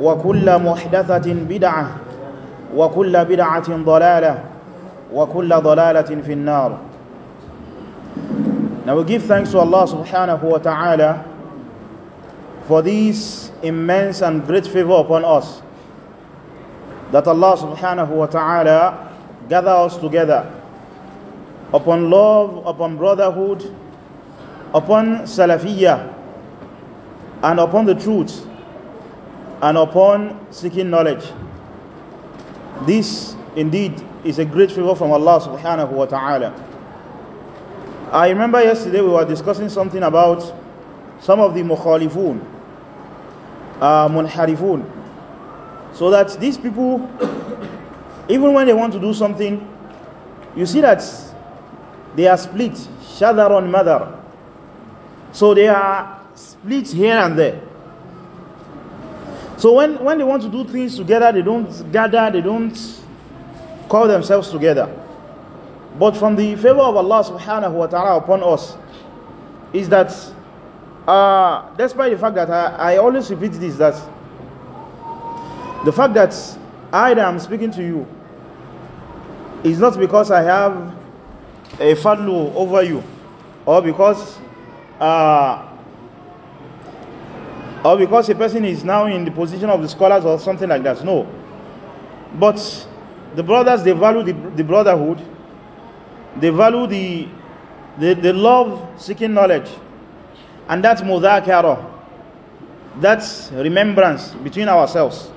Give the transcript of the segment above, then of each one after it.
وكل محدثة بدعة وكل بدعة ضلالة وكل ضلالة في النار Now we give thanks to Allah subhanahu wa ta'ala for this immense and great favor upon us that Allah subhanahu wa ta'ala gather us together upon love, upon brotherhood, upon salafiyah and upon the truth and upon seeking knowledge. This indeed is a great favor from Allah subhanahu wa ta'ala. I remember yesterday we were discussing something about some of the mukhalifun, uh, munharifun. So that these people, even when they want to do something, you see that they are split, shadar on madar. So they are split here and there. So when, when they want to do things together, they don't gather, they don't call themselves together. But from the favor of Allah subhanahu wa ta'ala upon us is that uh, despite the fact that I, I always repeat this, that the fact that I am speaking to you is not because I have a fadlu over you or because uh, or because a person is now in the position of the scholars or something like that. No. But the brothers, they value the, the brotherhood, they value the, the the love seeking knowledge, and that's mudhakara, that's remembrance between ourselves.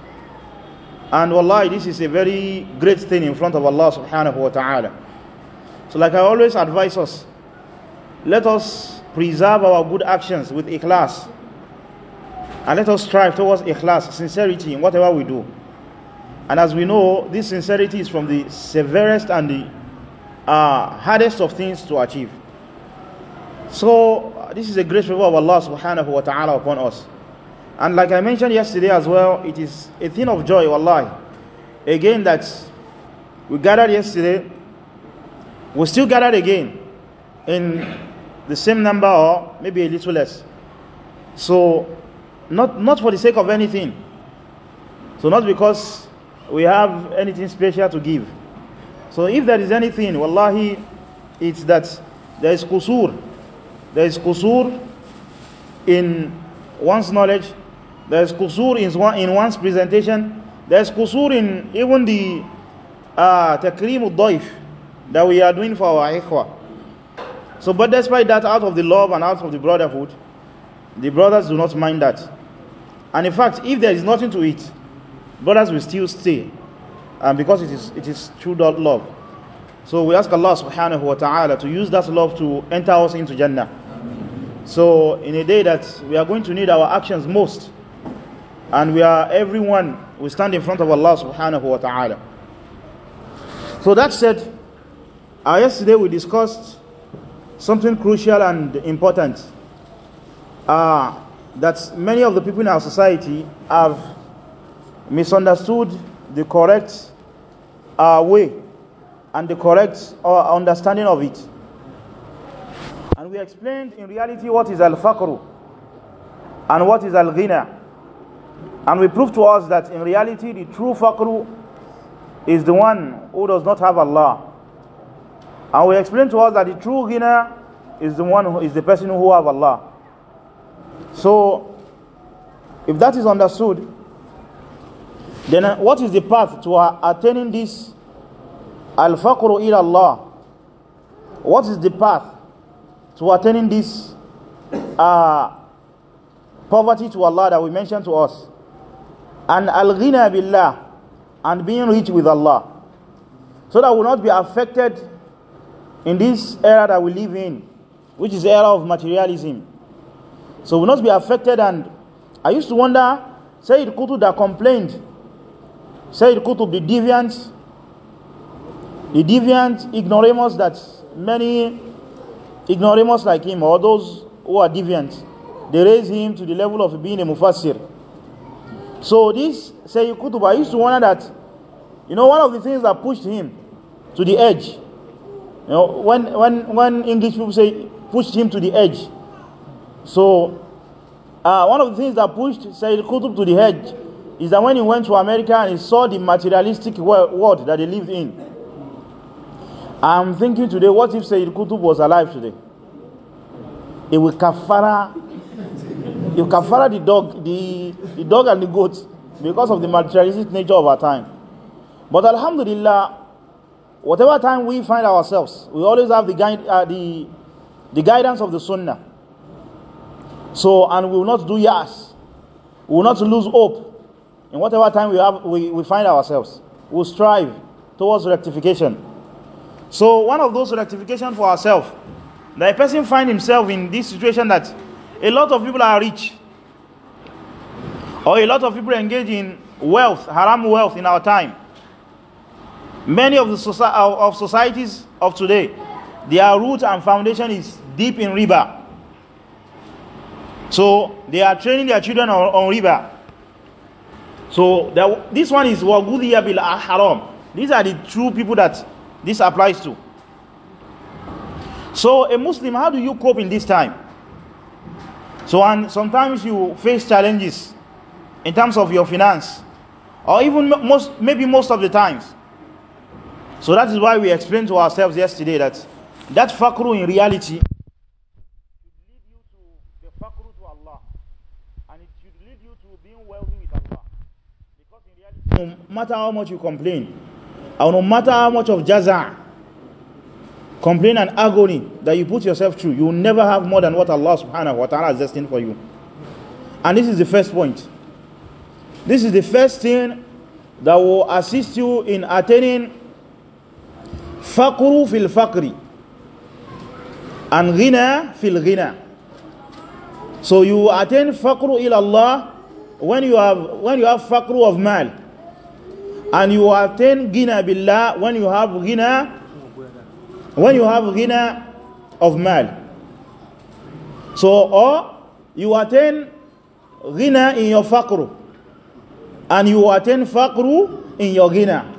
And wallahi, this is a very great thing in front of Allah subhanahu wa ta'ala. So like I always advise us, let us preserve our good actions with ikhlas. class and let us strive towards ikhlas, sincerity in whatever we do. And as we know, this sincerity is from the severest and the uh, hardest of things to achieve. So, this is a great favor of Allah subhanahu wa ta'ala upon us. And like I mentioned yesterday as well, it is a thing of joy, wallahi. Again, that we gathered yesterday, we still gathered again in the same number or maybe a little less. So, not, not for the sake of anything. So not because we have anything special to give. So if there is anything, wallahi, it's that there is kusur. There is kusur in one's knowledge. There is kusur in, one's presentation. There is kusur in even the uh, takrim daif that we are doing for our ikhwa. So but despite that, out of the love and out of the brotherhood, the brothers do not mind that. And in fact, if there is nothing to eat, brothers will still stay. And because it is, it is true love. So we ask Allah subhanahu wa ta'ala to use that love to enter us into Jannah. So in a day that we are going to need our actions most, and we are everyone, we stand in front of Allah subhanahu wa ta'ala. So that said, uh, yesterday we discussed something crucial and important. Uh, that many of the people in our society have misunderstood the correct uh, way and the correct uh, understanding of it. And we explained in reality what is al faqru and what is al ghina. And we proved to us that in reality the true faqru is the one who does not have Allah. And we explained to us that the true ghina is the one who is the person who have Allah. So, if that is understood, then uh, what is the path to uh, attaining this al-faqru ila Allah? What is the path to attaining this uh, poverty to Allah that we mentioned to us? And al-ghina billah and being rich with Allah. So that will not be affected in this era that we live in, which is the era of materialism. So will not be affected. And I used to wonder, Sayyid Qutb that complained, Sayyid Qutb, the deviant, the deviant ignoramus that many ignoramus like him or those who are deviant, they raise him to the level of being a mufassir. So this Sayyid Qutb, I used to wonder that, you know, one of the things that pushed him to the edge, you know, when, when, when English people say pushed him to the edge, So, uh, one of the things that pushed Sayyid Qutb to the edge is that when he went to America and he saw the materialistic world that they lived in. I'm thinking today, what if Sayyid Qutb was alive today? He will kafara, he will kafara the dog, the, the dog and the goat because of the materialistic nature of our time. But Alhamdulillah, whatever time we find ourselves, we always have the, guide, uh, the, the guidance of the Sunnah. So, and we will not do yes. We will not lose hope in whatever time we, have, we, we find ourselves. We will strive towards rectification. So, one of those rectification for ourselves, that a person find himself in this situation that a lot of people are rich, or a lot of people engage in wealth, haram wealth in our time. Many of the soci- of societies of today, their root and foundation is deep in riba so they are training their children on, on riba. So that, this one is wagudiya bil haram. These are the true people that this applies to. So a Muslim, how do you cope in this time? So and sometimes you face challenges in terms of your finance or even most maybe most of the times. So that is why we explained to ourselves yesterday that that fakru in reality no matter how much you complain or no matter how much of jaza complain and agony that you put yourself through you will never have more than what Allah subhanahu wa ta'ala has destined for you and this is the first point this is the first thing that will assist you in attaining faqru fil faqri and ghina fil ghina so you attain faqru ila Allah when you have when you have faqru of mal and you attain ghina billah when you have ghina when you have ghina of mal so or you attain ghina in your faqru and you attain faqru in your ghina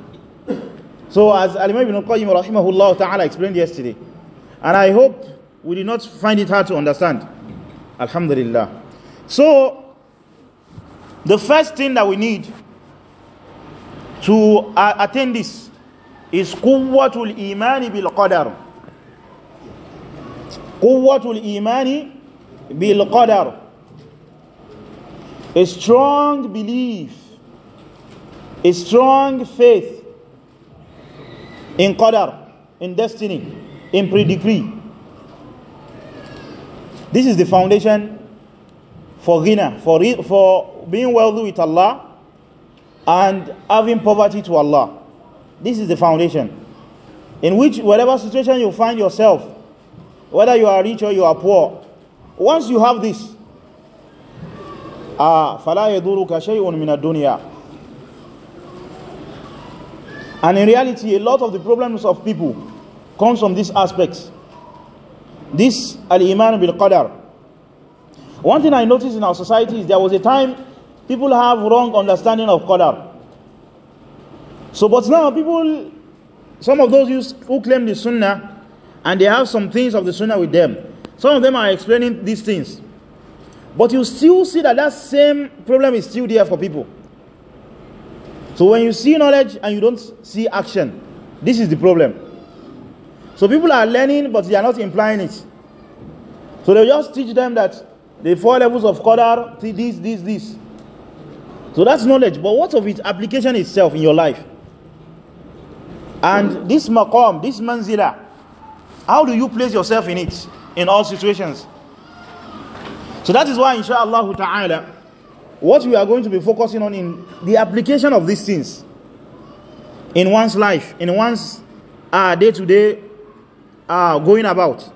so as Alimah ibn al-Qayyim rahimahullah ta'ala explained yesterday and I hope we did not find it hard to understand alhamdulillah so the first thing that we need to uh, attain this is quwwatul imani bil qadar quwwatul imani bil qadar a strong belief a strong faith in qadar in destiny in pre-decree this is the foundation for ghina for, for being wealthy with Allah and having poverty to Allah. This is the foundation. In which, whatever situation you find yourself, whether you are rich or you are poor, once you have this, uh, فَلَا يَدُورُكَ شَيْءٌ مِنَ الدُّنْيَا And in reality, a lot of the problems of people comes from these aspects. This, al-iman bil-qadar. One thing I noticed in our society is there was a time People have wrong understanding of Qadar. So, but now people, some of those who claim the Sunnah, and they have some things of the Sunnah with them. Some of them are explaining these things. But you still see that that same problem is still there for people. So when you see knowledge and you don't see action, this is the problem. So people are learning, but they are not implying it. So they just teach them that the four levels of Qadar, this, this, this. so that's knowledge but what of its application itself in your life and this maqam this manzila how do you place yourself in it in all situations so that is why inshallah ta'ala what we are going to be focusing on in the application of these things in one's life in one's uh, day-to-day uh, going about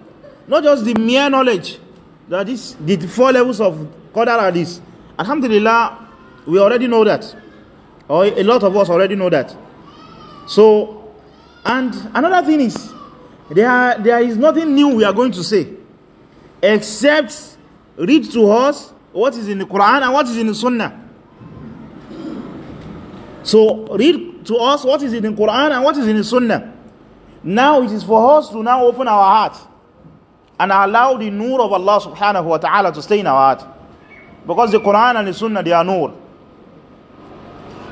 not just the mere knowledge that is the four levels of qadar are this alhamdulillah we already know that or a lot of us already know that so and another thing is there there is nothing new we are going to say except read to us what is in the Quran and what is in the Sunnah so read to us what is in the Quran and what is in the Sunnah now it is for us to now open our heart and allow the nur of Allah subhanahu wa ta'ala to stay in our heart because the Quran and the Sunnah they are nur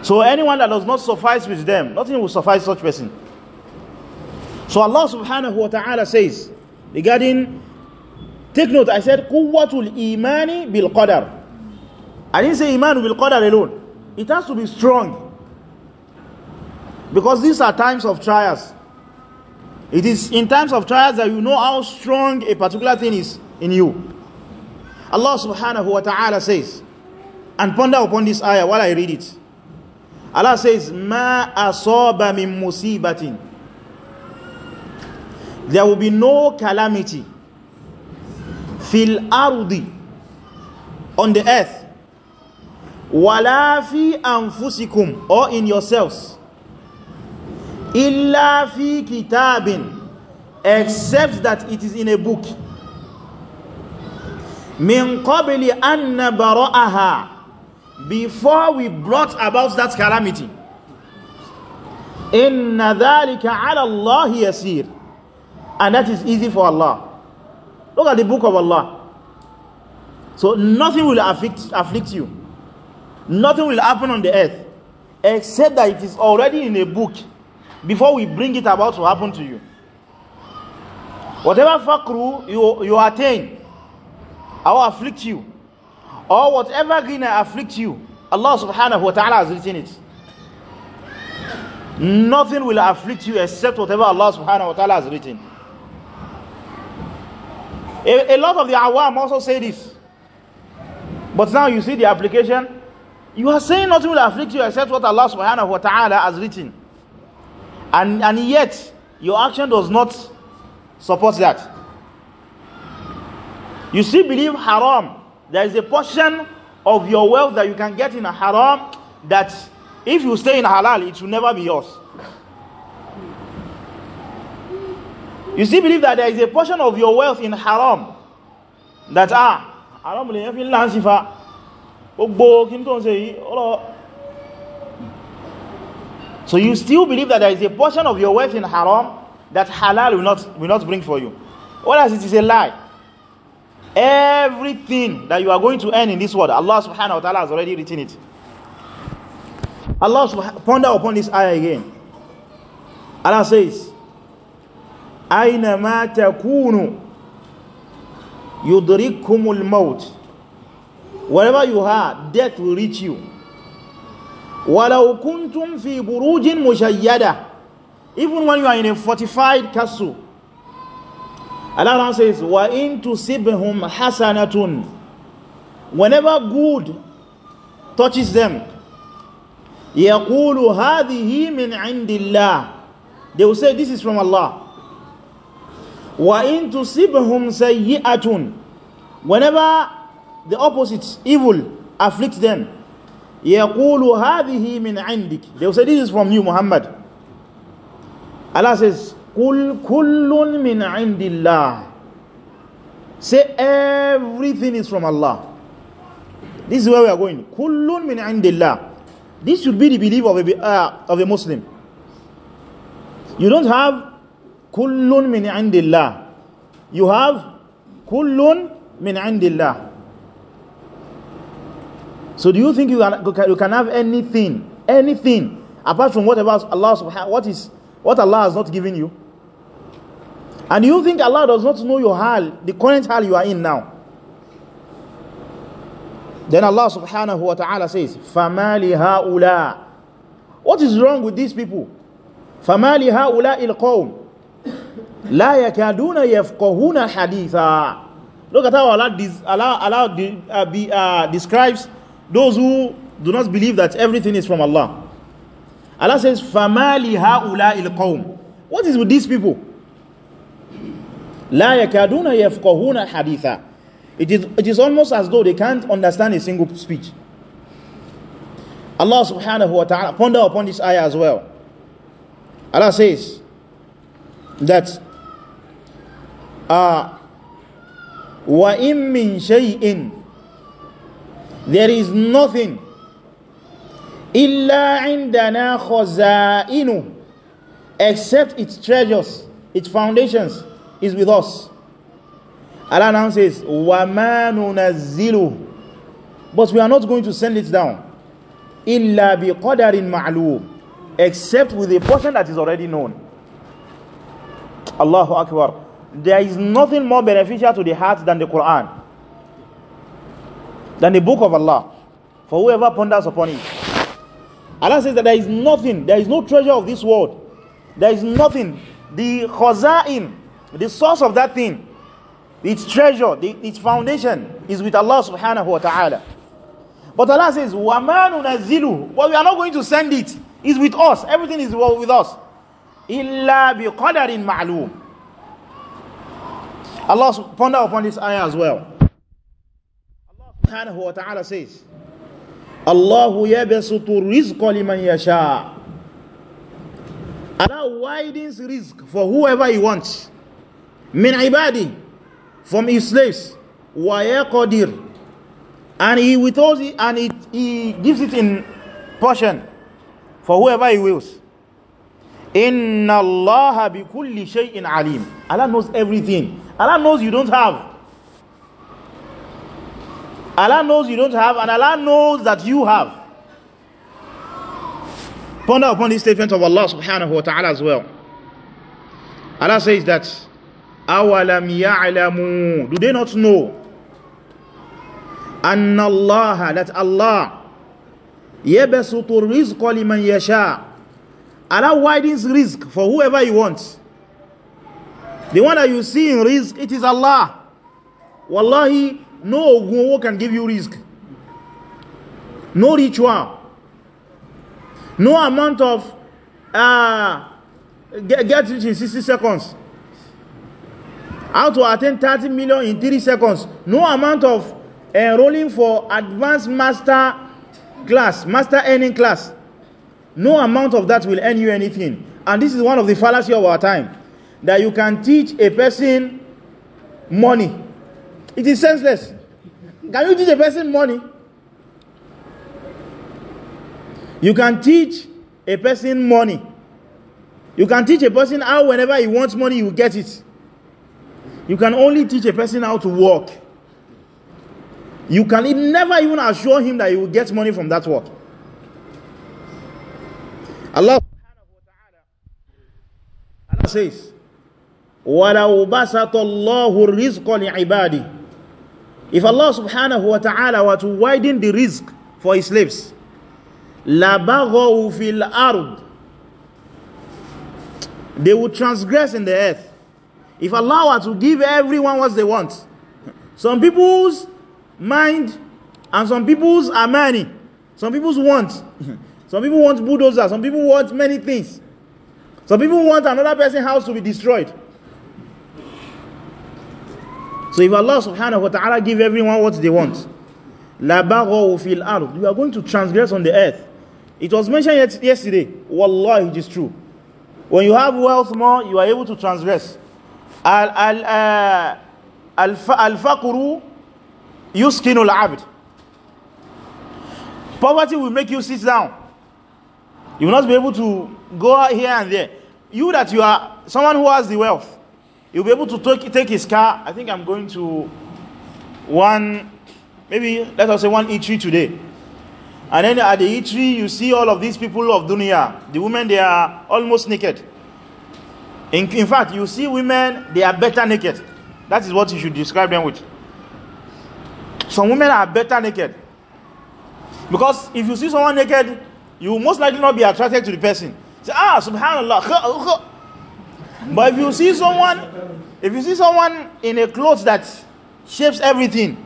so anyone that does not suffice with them, nothing will suffice such person. So Allah subhanahu wa ta'ala says regarding take note I said quwwatul imani bil qadar. I didn't say iman bil qadar alone. It has to be strong. Because these are times of trials. It is in times of trials that you know how strong a particular thing is in you. Allah subhanahu wa ta'ala says, and ponder upon this ayah while I read it. Allah says ma asaba min musibatin there will be no calamity fil ardi on the earth wala fi anfusikum or in yourselves illa fi kitabin except that it is in a book min qabli an nabra'aha before we brought about that calamity inna dhalika ala Allah yasir and that is easy for Allah look at the book of Allah so nothing will afflict, afflict you nothing will happen on the earth except that it is already in a book before we bring it about to happen to you whatever fakru you, you attain I will afflict you or whatever ghina afflicts you, Allah subhanahu wa ta'ala has written it. Nothing will afflict you except whatever Allah subhanahu wa ta'ala has written. A, a, lot of the awam also say this. But now you see the application. You are saying nothing will afflict you except what Allah subhanahu wa ta'ala has written. And, and yet, your action does not support that. You still believe haram there is a portion of your wealth that you can get in a haram that if you stay in halal it will never be yours you still believe that there is a portion of your wealth in haram that ah haram lè fi ń láǹsífà gbogbo kí n tó ń ṣe so you still believe that there is a portion of your wealth in haram that halal will not, will not bring for you as it is a lie Everything that you are going to earn in this world, Allah subhanahu wa ta'ala has already written it. Allah ponder upon this ayah again. Allah says, "Aina ma takunu yudrikumul maut." Wherever you are, death will reach you. Walau kuntum fi burujin mushayyada, Even when you are in a fortified castle, Allah says, "Wa وَإِن sibhum hasanatun." Whenever good touches them, يَقُولُ هَذِهِ مِنْ عِنْدِ اللَّهِ They will say, this is from Allah. وَإِن تُصِبْهُمْ سَيِّئَةٌ Whenever the opposite, evil, afflicts them, يَقُولُ هَذِهِ مِنْ عِنْدِكِ They will say, this is from you, Muhammad. Allah says, Kul kullun min indillah. Say everything is from Allah. This is where we are going. Kullun min indillah. This should be the belief of a, uh, of a Muslim. You don't have kullun min indillah. You have kullun min indillah. So do you think you can, you can have anything, anything apart from whatever Allah what is what Allah has not given you? And you think Allah does not know your hal, the current hal you are in now. Then Allah subhanahu wa ta'ala says, فَمَالِ What is wrong with these people? فَمَالِ هَؤُلَاءِ الْقَوْمِ لَا يَكَادُونَ يَفْقَهُونَ حَدِيثًا Look at how Allah, Allah, Allah uh, be, uh, describes those who do not believe that everything is from Allah. Allah says, فَمَالِ il الْقَوْمِ What is with these people? la yakaduna yafqahuna haditha it is it is almost as though they can't understand a single speech Allah subhanahu wa ta'ala ponder upon this ayah as well Allah says that uh, wa in min shay'in there is nothing illa indana khaza'inu except its treasures its foundations is with us. Allah now says, وَمَا نُنَزِّلُهُ But we are not going to send it down. bi qadarin مَعْلُومٍ Except with a portion that is already known. Allahu Akbar. There is nothing more beneficial to the heart than the Quran. Than the book of Allah. For whoever ponders upon it. Allah says that there is nothing, there is no treasure of this world. There is nothing. The khaza'in, the source of that thing, its treasure, the, its foundation is with Allah subhanahu wa ta'ala. But Allah says, وَمَا نُنَزِّلُهُ But we are not going to send it. It's with us. Everything is with us. إِلَّا بِقَدَرٍ مَعْلُومٍ Allah ponder upon this ayah as well. Allah subhanahu wa ta'ala says, Allahu yabasutu rizqa liman yasha. Allah widens risk for whoever he wants min ibadi from his slaves wa yaqdir and he withholds it and it, he gives it in portion for whoever he wills inna Allah bi kulli shay'in alim allah knows everything allah knows you don't have allah knows you don't have and allah knows that you have ponder upon this statement of allah subhanahu wa ta'ala as well allah says that awalam ya'lamu do they not know anna Allah that Allah yabsutu rizqa liman yasha Allah widens risk for whoever he wants the one that you see in risk it is Allah wallahi no ogun can give you risk no ritual no amount of uh, get, get rich in 60 seconds how to attain 30 million in 3 seconds no amount of eh, enrolling for advanced master class master earning class no amount of that will earn you anything and this is one of the fallacy of our time that you can teach a person money it is senseless can you teach a person money you can teach a person money you can teach a person how whenever he wants money he will get it you can only teach a person how to work. You can never even assure him that he will get money from that work. Allah says, وَلَوْ بَسَطَ اللَّهُ الرِّزْقَ لِعِبَادِهِ If Allah subhanahu wa ta'ala were to widen the risk for his slaves, لَبَغَوْا فِي الْأَرْضِ They would transgress in the earth. If Allah were to give everyone what they want, some people's mind and some people's are money, some people's want, some people want bulldozers. some people want many things, some people want another person's house to be destroyed. So if Allah subhanahu wa ta'ala give everyone what they want, will فِي out. We are going to transgress on the earth. It was mentioned yesterday. Allah, it is true. When you have wealth more, you are able to transgress al skin uh, yuskinu al-abd poverty will make you sit down you will not be able to go out here and there you that you are someone who has the wealth you'll be able to take, take his car i think i'm going to one maybe let us say one e3 today and then at the e3 you see all of these people of dunya the women they are almost naked In, in fact, you see women, they are better naked. That is what you should describe them with. Some women are better naked. Because if you see someone naked, you will most likely not be attracted to the person. Say, ah, subhanallah. But if you see someone, if you see someone in a clothes that shapes everything,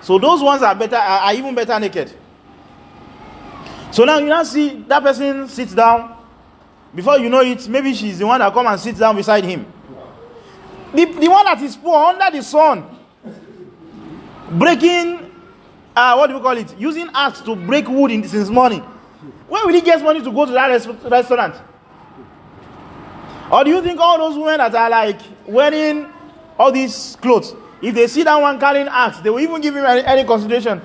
so those ones are better, are, are even better naked. So now you now see that person sits down, before you know it maybe she's the one that come and sits down beside him the, the one that is poor under the sun breaking uh, what do we call it using axe to break wood in, since morning where will he get money to go to that res restaurant or do you think all those women that are like wearing all these clothes if they see that one carrying axe they will even give him any, any consideration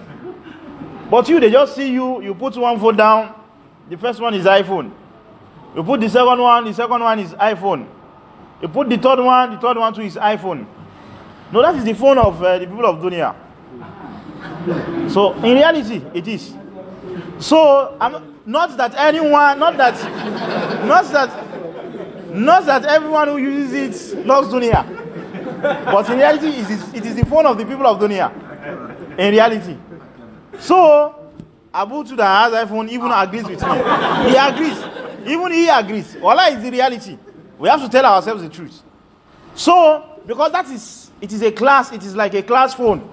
but you they just see you you put one foot down the first one is iphone You put the second one, the second one is iPhone. You put the third one, the third one to his iPhone. No, that is the phone of uh, the people of Dunia. So, in reality, it is. So, I'm, not that anyone, not that, not that, not that everyone who uses it loves Dunia. But in reality, it is, it is the phone of the people of Dunia. In reality. So, Abu Tuda has iPhone even agrees with me. He agrees. Even he agrees. Allah is the reality. We have to tell ourselves the truth. So, because that is, it is a class, it is like a class phone.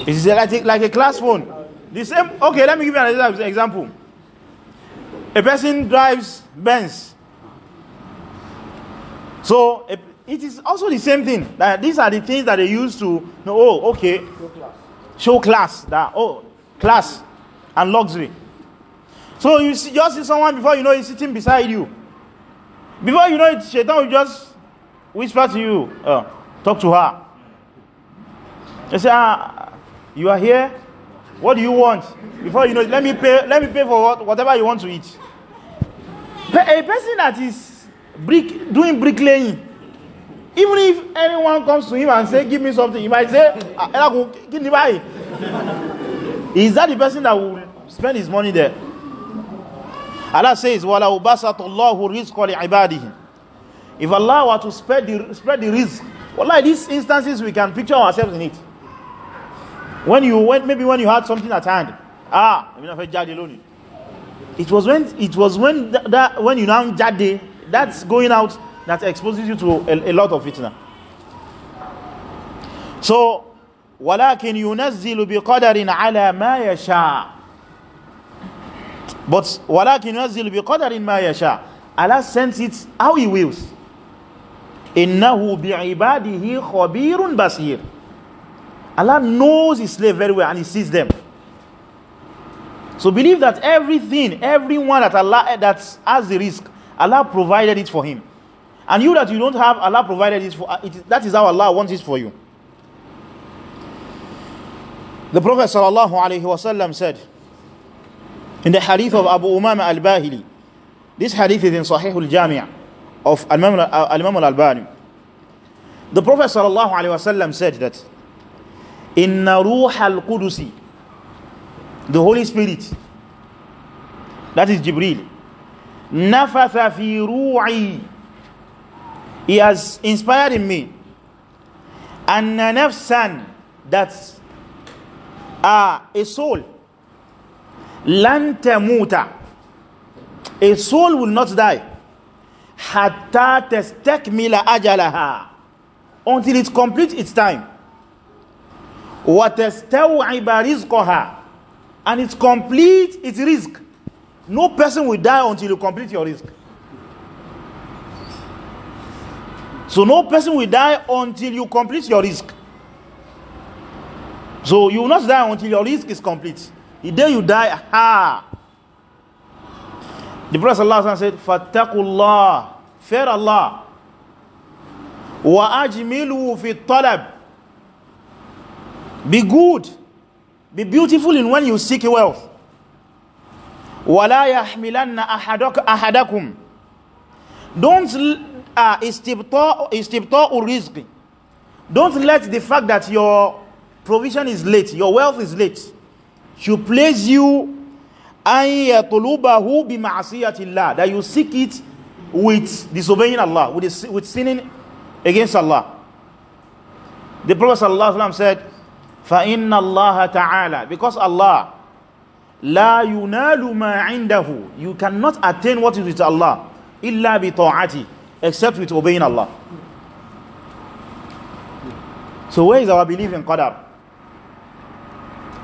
It is like a, like a class phone. The same, okay, let me give you an example. A person drives Benz. So, a, it is also the same thing. That these are the things that they use to know, oh, okay, show class. That, oh, class and luxury. So you see, just see someone before you know he's sitting beside you. Before you know it, Shaitan will just whisper to you, uh, talk to her. You say, ah, you are here? What do you want? Before you know it, let me pay, let me pay for what, whatever you want to eat. A person that is brick, doing bricklaying, even if anyone comes to him and say, give me something, he might say, ah, Is that the person that will spend his money there? Allah says, who بَسَطُ اللَّهُ رِزْقَ لِعِبَادِهِ If Allah were to spread the, spread the risk, well, like these instances, we can picture ourselves in it. When you went, maybe when you had something at hand, ah, I mean, I've jadiloni. It was when, it was when that, that when you now jade, that's going out, that exposes you to a, a lot of fitna. So, وَلَكِنْ يُنَزِّلُ بِقَدَرٍ ala ma yasha. But walakin yunazzilu biqadarin ma yasha. Allah sends it how he wills. Innahu bi'ibadihi khabirun basir. Allah knows his slave very well and he sees them. So believe that everything, everyone that Allah that has the risk, Allah provided it for him. And you that you don't have, Allah provided it for uh, it, that is how Allah wants it for you. The Prophet sallallahu alaihi wasallam said, in the hadith of Abu Umama al-Bahili this hadith is in Sahih al-Jami' of Imam uh, al-Albani the Prophet sallallahu alaihi wasallam said that inna ruha al-Qudusi the Holy Spirit that is Jibril nafatha fi ru'i he has inspired in me anna nafsan that's uh, a soul lantamuta a soul will not die hatta tastakmila ajalaha until it completes its time wa tastaw'iba rizqaha and it complete its risk no person will die until you complete your risk so no person will die until you complete your risk so you will not die until your risk is complete the day you die ha the prophet sallallahu said fattaqullah fear allah wa ajmilu fi talab be good be beautiful in when you seek wealth wala yahmilanna ahadakum don't uh, istibta istibta rizqi don't let the fact that your provision is late your wealth is late should place you an yatlubahu bi Allah that you seek it with disobeying Allah with, with sinning against Allah the Prophet ﷺ said فَإِنَّ Allah Taala because Allah la يُنَالُ مَا عِنْدَهُ you cannot attain what is with Allah illa bi ta'ati except with obeying Allah so where is our belief in Qadar?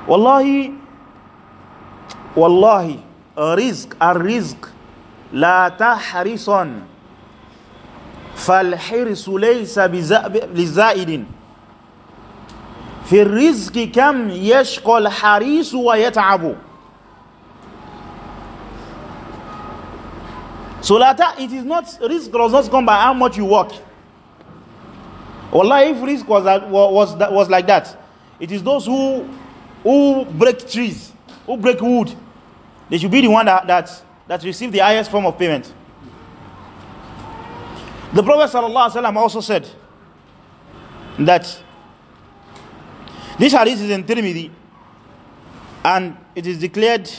Wallahi, والله رزق الرزق لا تحرصا فالحرص ليس لزائد في الرزق كم يشقى الحريص ويتعب So that it is not, risk does not come by how much you work. Wallah, if risk was, that, was, that, was like that, it is those who, who break trees, who break wood. they should be the one that, that, that receive the highest form of payment. The Prophet also said that this hadith is in Tirmidhi and it is declared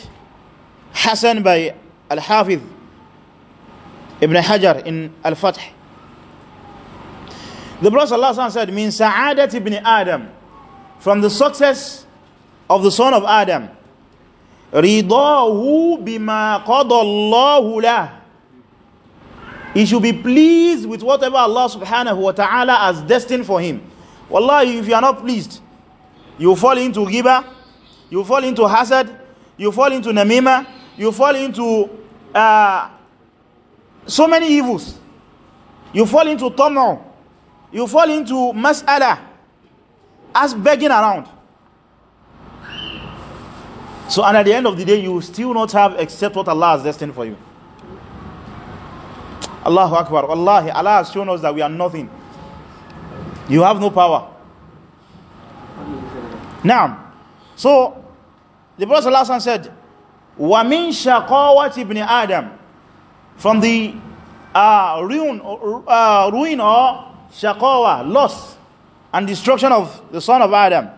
Hassan by Al-Hafiz Ibn Hajar in Al-Fath. The Prophet ﷺ said, Min sa'adat ibn Adam, from the success of the son of Adam ridahu bima qadallahu lah he should be pleased with whatever Allah subhanahu wa ta'ala has destined for him wallahi if you are not pleased you fall into riba you fall into hasad you fall into namima you fall into uh, so many evils you fall into tamu you fall into mas'ala as begging around so, and at the end of the day, you will still not have except what Allah has destined for you. Allahu Akbar. Allah, Allah has shown us that we are nothing. You have no power. Now, so the Prophet ﷺ said, وَمِن شَقَوَةِ ibn Adam From the uh, ruin, uh, ruin or shaqawa, loss and destruction of the son of Adam.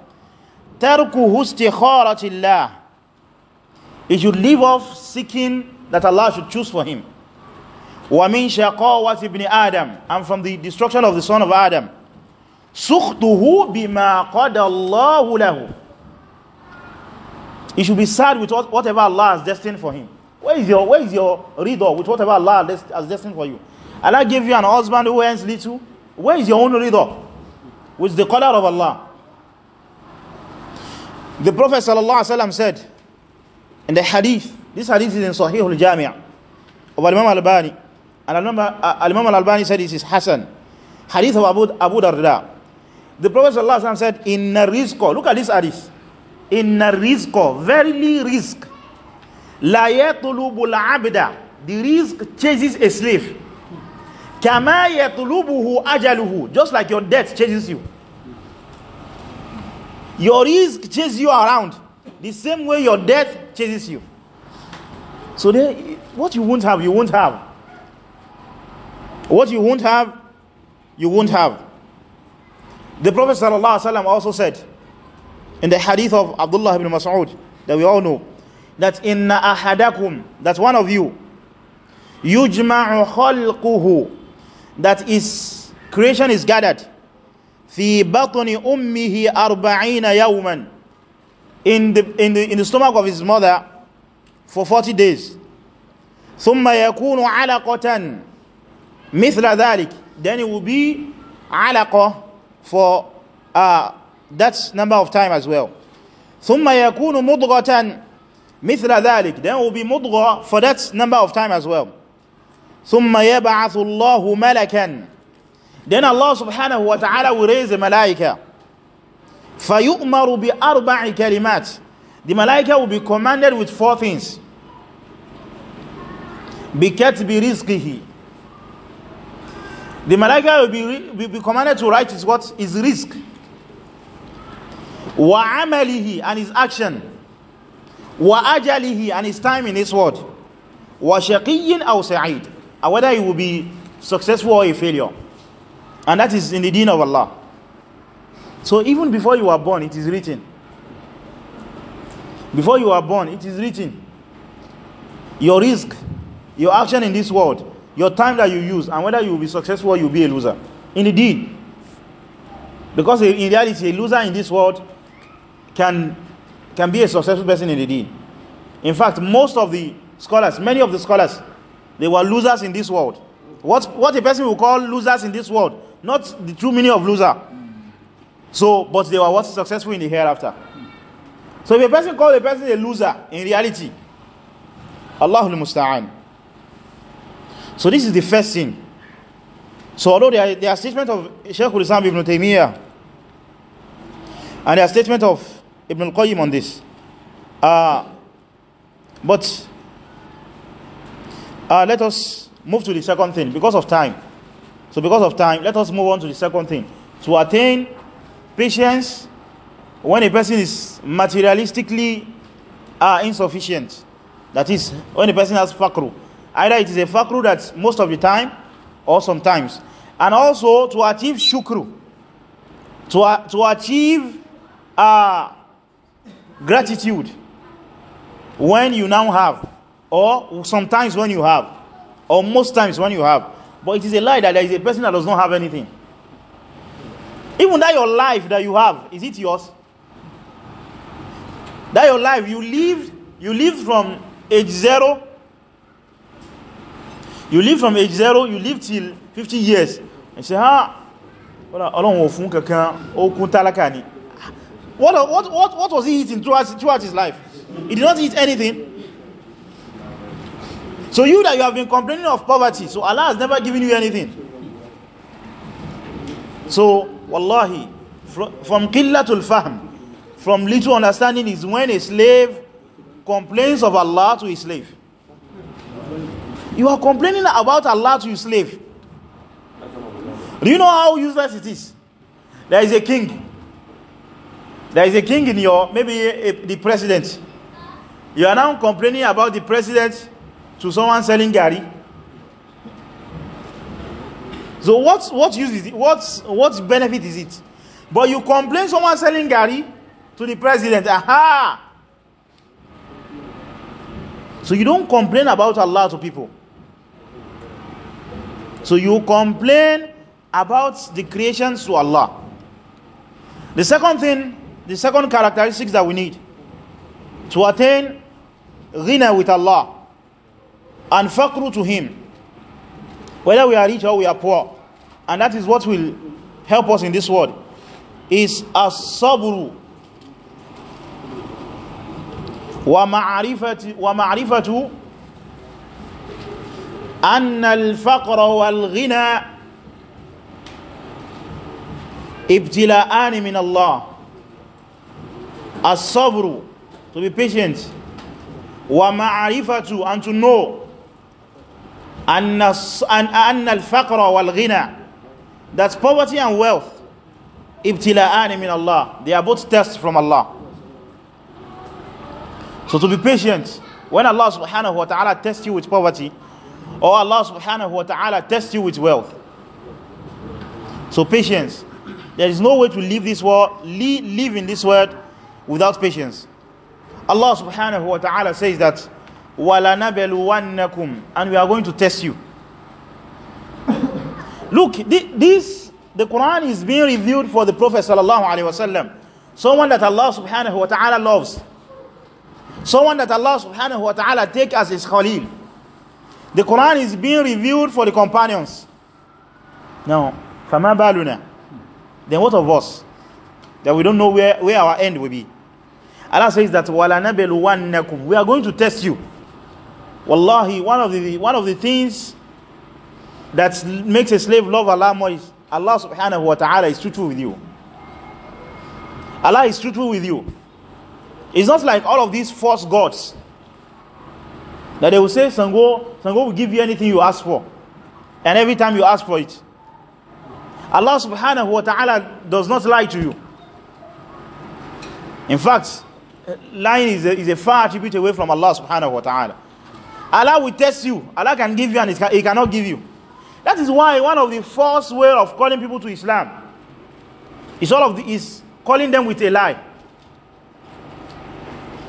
تَرْكُهُ اسْتِخَارَةِ اللَّهِ he should leave off seeking that Allah should choose for him. وَمِن شَقَوَةِ ibn Adam And from the destruction of the son of Adam. سُخْتُهُ بِمَا قَدَ اللَّهُ لَهُ He should be sad with whatever Allah has destined for him. Where is your, where is your reader with whatever Allah has destined for you? Allah gave you an husband who earns little. Where is your own reader? With the qadar of Allah. The Prophet ﷺ said, in the hadith, this hadith is in Sahih al-Jami' of Imam al-Albani. And Imam al-Albani said this is hasan Hadith of Abu, Abu Darda. The Prophet wasallam said, in rizqa. Look at this hadith. in rizqa. Verily risk. La yatlubu al-abda. The risk chases a slave. Kama yatlubuhu ajaluhu. Just like your death chases you. Your risk chases you around. The same way your death chases you. So there, what you won't have, you won't have. What you won't have, you won't have. The Prophet ﷺ also said in the hadith of Abdullah ibn Mas'ud that we all know that in ahadakum, that one of you, yujma'u khalquhu, that is creation is gathered fi batni ummihi arba'ina yawman in the, in the, in the stomach of his mother for 40 days. ثم يكون علقة مثل ذلك then it will be علقة for uh, that number of time as well ثم يكون مضغة مثل ذلك then it will be مضغة for that number of time as well ثم يبعث الله ملكا then Allah subhanahu wa ta'ala will raise a malaika fayu'maru bi arba'i kalimat the malaika will be commanded with four things bi katbi rizqihi the malaika will be, will be commanded to write is what is risk wa amalihi and his action wa ajalihi and his time in his word wa shaqiyyin aw sa'id whether he will be successful or a failure and that is in the deen of Allah So even before you are born, it is written. Before you are born, it is written. Your risk, your action in this world, your time that you use, and whether you will be successful or you will be a loser. in the deed. Because in reality, a loser in this world can, can be a successful person in the deed. In fact, most of the scholars, many of the scholars, they were losers in this world. What, what a person will call losers in this world, not the true meaning of loser. So, but they were what successful in the hereafter. So if a person called a person a loser in reality, Allahul Musta'an. So this is the first thing. So although there are, there are statement of Shaykh al-Islam ibn Taymiyyah and there are statement of Ibn al-Qayyim on this. Uh, but uh, let us move to the second thing because of time. So because of time, let us move on to the second thing. To attain patience when a person is materialistically uh, insufficient. That is, when a person has fakru. Either it is a fakru that most of the time or sometimes. And also to achieve shukru. To, uh, to achieve uh, gratitude when you now have or sometimes when you have or most times when you have. But it is a lie that there is a person that does not have anything. Even that your life that you have, is it yours? That your life you live, you live from age zero. You live from age zero, you live till 50 years. And say, ah, Ọlọ́run ò fún kankan, ó tálákà ni. What, what, what, what was he eating throughout, throughout his life? He did not eat anything. So you that you have been complaining of poverty, so Allah has never given you anything. So Wallahi, from, from qillatul fahm, from little understanding is when a slave complains of Allah to his slave. You are complaining about Allah to your slave. Do you know how useless it is? There is a king. There is a king in your, maybe a, a, the president. You are now complaining about the president to someone selling gari So what, what use is it? What, what benefit is it? But you complain someone selling gari to the president. Aha! So you don't complain about Allah to people. So you complain about the creations to Allah. The second thing, the second characteristics that we need to attain ghina with Allah and faqru to Him whether we are rich or we are poor and that is what will help us in this world is as-sabru wa ma'rifatu wa ma'rifatu anna al-faqra wal-ghina ibtila'an min Allah as-sabru to be patient wa ma'rifatu and to know أن الفقر والغنى that poverty and wealth ابتلاءان من Allah they are both tests from Allah so to be patient when Allah subhanahu wa ta'ala tests you with poverty or Allah subhanahu wa ta'ala tests you with wealth so patience there is no way to leave this world live in this world without patience Allah subhanahu wa ta'ala says that وَلَنَبَلُوَنَّكُمْ And we are going to test you. Look, this, the Quran is being reviewed for the Prophet sallallahu alaihi wasallam. Someone that Allah subhanahu wa ta'ala loves. Someone that Allah subhanahu wa ta'ala take as his khalil. The Quran is being reviewed for the companions. Now, فَمَا بَالُنَا Then what of us? That we don't know where, where our end will be. Allah says that وَلَنَبَلُوَنَّكُمْ We are going to test you. Wallahi, one of the, one of the things that makes a slave love Allah more is Allah subhanahu wa ta'ala is truthful with you. Allah is truthful with you. It's not like all of these false gods that they will say, Sango, Sango will give you anything you ask for. And every time you ask for it. Allah subhanahu wa ta'ala does not lie to you. In fact, lying is a, is a far attribute away from Allah subhanahu wa ta'ala. Allah will test you. Allah can give you and He cannot give you. That is why one of the false way of calling people to Islam is all of the, is calling them with a lie.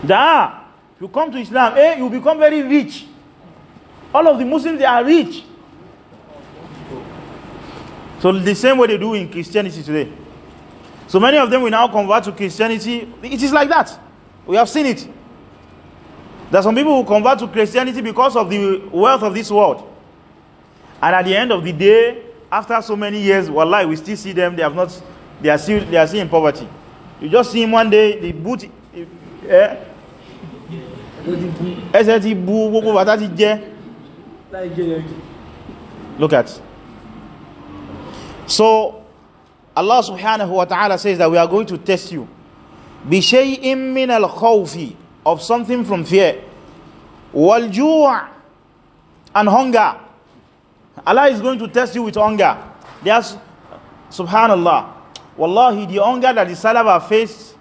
That ah, you come to Islam, eh, you become very rich. All of the Muslims they are rich. So the same way they do in Christianity today. So many of them will now convert to Christianity. It is like that. We have seen it that some people will convert to Christianity because of the wealth of this world. And at the end of the day, after so many years, wallahi, we still see them, they have not, they are still, they are still in poverty. You just see him one day, the boot, eh? look at so Allah subhanahu wa ta'ala says that we are going to test you بشيء من الخوف of something from fear. Waljua and hunger. Allah is going to test you with hunger. There's subhanallah. Wallahi, the hunger that the Salaba faced.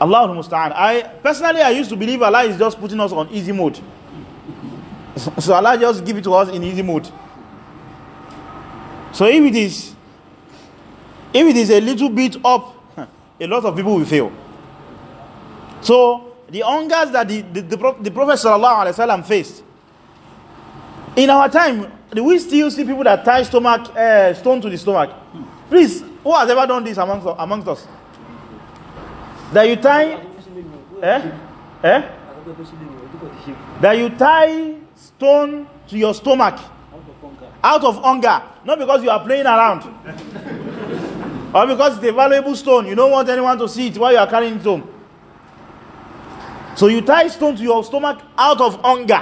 Allah musta'an. I personally I used to believe Allah is just putting us on easy mode. so Allah just give it to us in easy mode. So if it is if it is a little bit up, a lot of people will fail. So the hungers that the, the, the, the Prophet Wasallam faced, in our time, do we still see people that tie stomach, uh, stone to the stomach? Please, who has ever done this amongst, amongst us? That you tie... Eh? Eh? That you tie stone to your stomach out of hunger, not because you are playing around or because it's a valuable stone. You don't want anyone to see it while you are carrying it home. So you tie stone to your stomach out of hunger.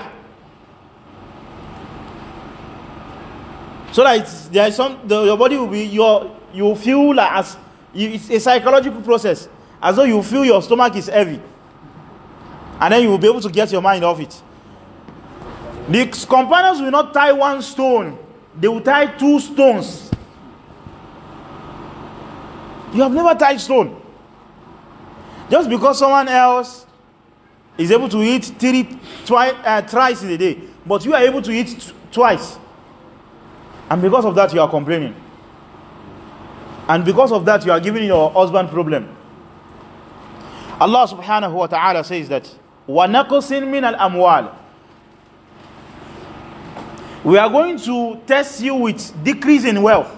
So that there is some, the, your body will be, your, you feel like as, it's a psychological process. As though you feel your stomach is heavy. And then you will be able to get your mind off it. The companions will not tie one stone. They will tie two stones. You have never tied stone. Just because someone else is able to eat three, twi uh, thrice in a day, but you are able to eat twice. And because of that, you are complaining. And because of that, you are giving your husband problem. Allah subhanahu wa ta'ala says that, min مِنَ الْأَمْوَالِ We are going to test you with decrease in wealth.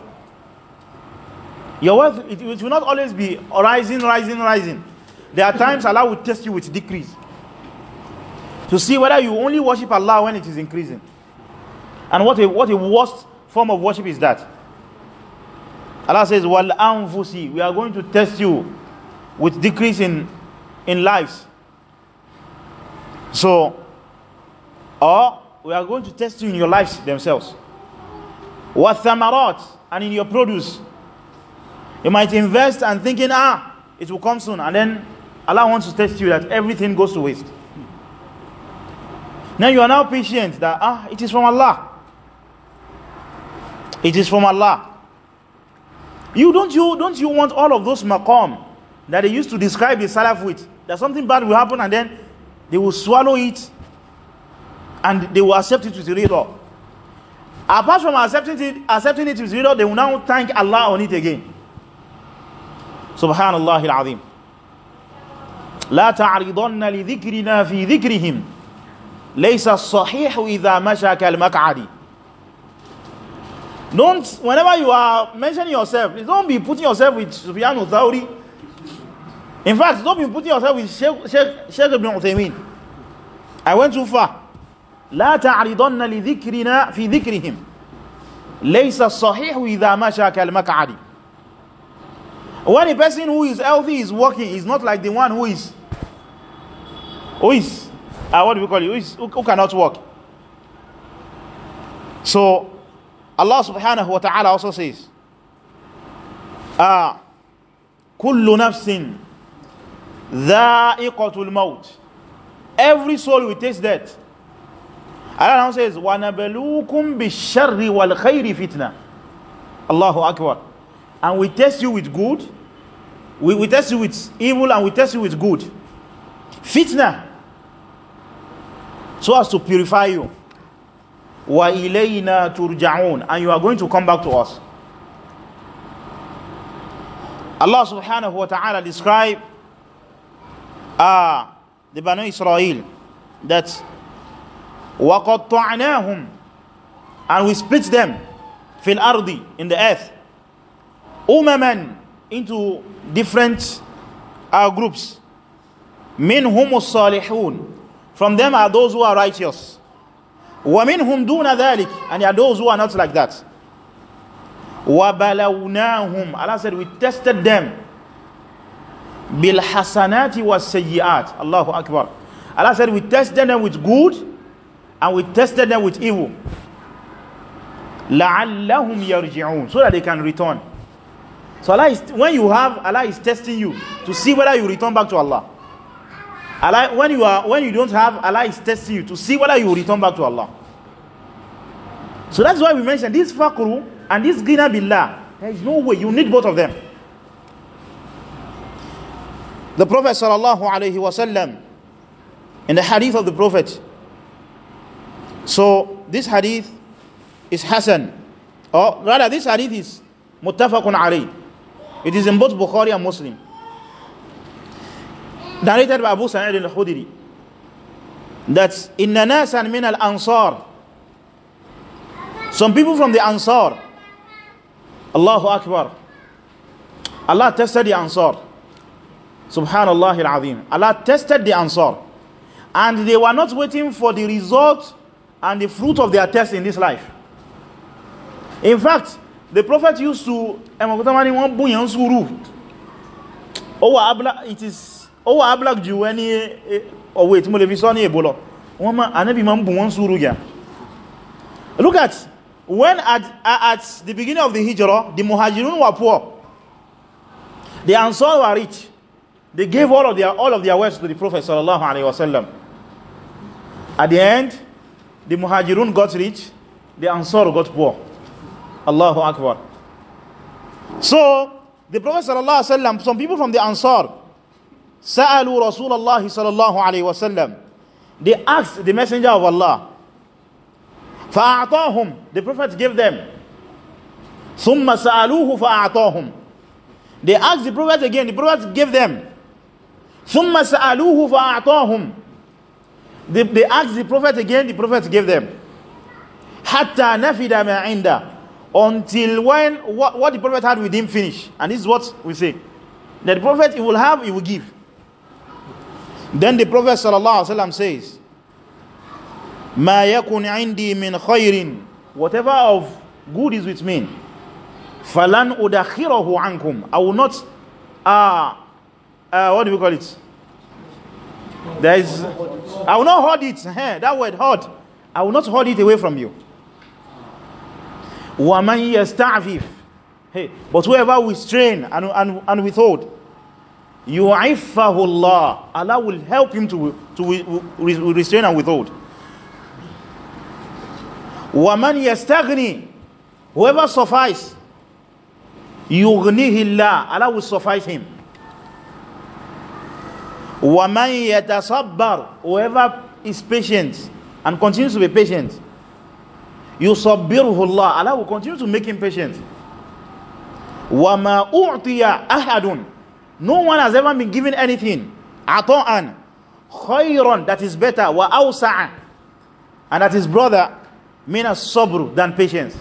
Your wealth, it, it will not always be rising, rising, rising. There are times Allah will test you with decrease to see whether you only worship Allah when it is increasing. And what a, what a worst form of worship is that. Allah says, Wal anfusi, we are going to test you with decrease in, in lives. So, or we are going to test you in your lives themselves. Wa thamarat, and in your produce. You might invest and thinking, ah, it will come soon. And then Allah wants to test you that everything goes to waste. Now you are now patient that, ah, it is from Allah. It is from Allah. You don't you don't you want all of those maqam that they used to describe the salaf with? That something bad will happen and then they will swallow it and they will accept it with radar. Apart from accepting it, accepting it with radar, they will now thank Allah on it again. Subhanallah al-Azim. لا تعرضن لذكرنا في ذكرهم laysa as-sahihu idha masha kal-maq'adi don't whenever you are mentioning yourself don't be putting yourself with Sufyan al-Thawri in fact don't be putting yourself with Sheikh, Sheikh, Ibn Uthaymeen I went too far لا تعرضن لذكرنا في ذكرهم ليس الصحيح إذا مشى كالمقعد when a person who is healthy is walking is not like the one who is who is uh, what do we call you? who, is, who, cannot work so Allah subhanahu wa ta'ala also says uh, kullu nafsin dha'iqatul maut every soul will taste death Allah now says وَنَبَلُوكُمْ بِالشَّرِّ وَالْخَيْرِ fitna Allahu Akbar and we test you with good we, we test you with evil and we test you with good fitna so as to purify you wa ilayna turja'un and you are going to come back to us Allah subhanahu wa ta'ala describe uh, the Banu Israel that وَقَطَّعْنَاهُمْ and we split them fil ardi in the earth umaman into different uh, groups Minhumu as-salihun from them are those who are righteous. وَمِنْهُمْ دُونَ ذَلِكَ And there are those who are not like that. وَبَلَوْنَاهُمْ Allah said, we tested them. بِالْحَسَنَاتِ وَالسَّيِّئَاتِ Allahu Akbar. Allah said, we tested them with good and we tested them with evil. لَعَلَّهُمْ يَرْجِعُونَ So that they can return. So Allah is, when you have, Allah is testing you to see whether you return back to Allah. Allah, when you are when you don't have, Allah is testing you to see whether you will return back to Allah. So that's why we mentioned this Fakru and this ghina billah. There is no way you need both of them. The Prophet sallallahu alaihi wasallam in the hadith of the Prophet. So this hadith is Hassan, or rather this hadith is muttafaqun alayh. It is in both Bukhari and Muslim narrated by Abu Sa'id al-Khudri that inna nasan min al-ansar some people from the ansar Allahu akbar Allah tested the ansar subhanallah al-azim Allah tested the ansar and they were not waiting for the result and the fruit of their test in this life in fact the prophet used to it is ó wà ablak jù wẹ́ ní e, ọ̀wọ̀ tí mo lè fi sọ ní èbò lọ wọ́n ma anábi ma ń bù wọ́n sùúrù yà look at when at, at the beginning of the hijra, the muhajirun were poor the ansar were rich they gave all of their all of their wealth to the prophet sallallahu alaihi wasallam at the end the muhajirun got rich the ansar got poor allahu akbar so the prophet sallallahu alaihi wasallam some people from the ansar سألوا رسول الله صلى الله عليه وسلم They asked the messenger of Allah. فَأَعْطَاهُمْ The prophet gave them. ثُمَّ سَأَلُوهُ فَأَعْطَاهُمْ They asked the prophet again. The prophet gave them. ثُمَّ سَأَلُوهُ فَأَعْطَاهُمْ they, they asked the prophet again. The prophet gave them. حَتَّى نَفِدَ مَا عِنْدَ Until when what, what the prophet had with him finished. And this is what we say. That the prophet, he will have, he will give Then the Prophet ﷺ says, مَا يَكُنْ عِنْدِي مِنْ خَيْرٍ Whatever of good is with me, فَلَنْ أُدَخِرَهُ عَنْكُمْ I will not, uh, uh, what do we call it? There is, I will not hold it. Hey, that word hold. I will not hold it away from you. وَمَنْ يَسْتَعْفِفْ Hey, but whoever we strain and, and, and withhold, Yu'ifahullah. Allah will help him to, to restrain and withhold. وَمَنْ يَسْتَغْنِي Whoever suffice, يُغْنِهِ اللَّهِ Allah will suffice him. وَمَنْ يَتَصَبَّرْ Whoever is patient and continues to be patient, يُصَبِّرْهُ اللَّهِ Allah will continue to make him patient. وَمَا أُعْطِيَ أَحَدٌ no one has ever been given anything. Ata'an. Khayran, that is better. Wa awsa'an. And that is brother, mina sabru, than patience.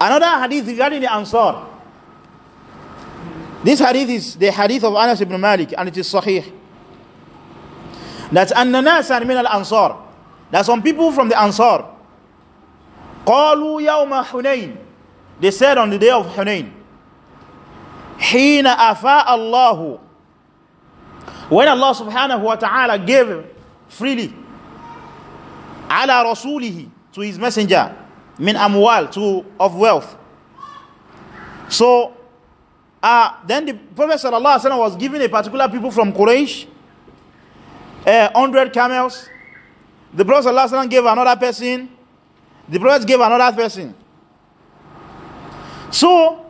Another hadith regarding the Ansar. This hadith is the hadith of Anas ibn Malik and it is sahih. That أَنَّ min al Ansar. That some people from the Ansar قالوا يوم حنين they said on the day of Hunain Hina afa Allahu. When Allah subhanahu wa ta'ala gave freely ala rasulihi to his messenger min amwal to of wealth. So uh, then the Prophet sallallahu alaihi wasallam was giving a particular people from Quraysh uh, 100 camels. The Prophet sallallahu alaihi wasallam gave another person. The Prophet gave another person. So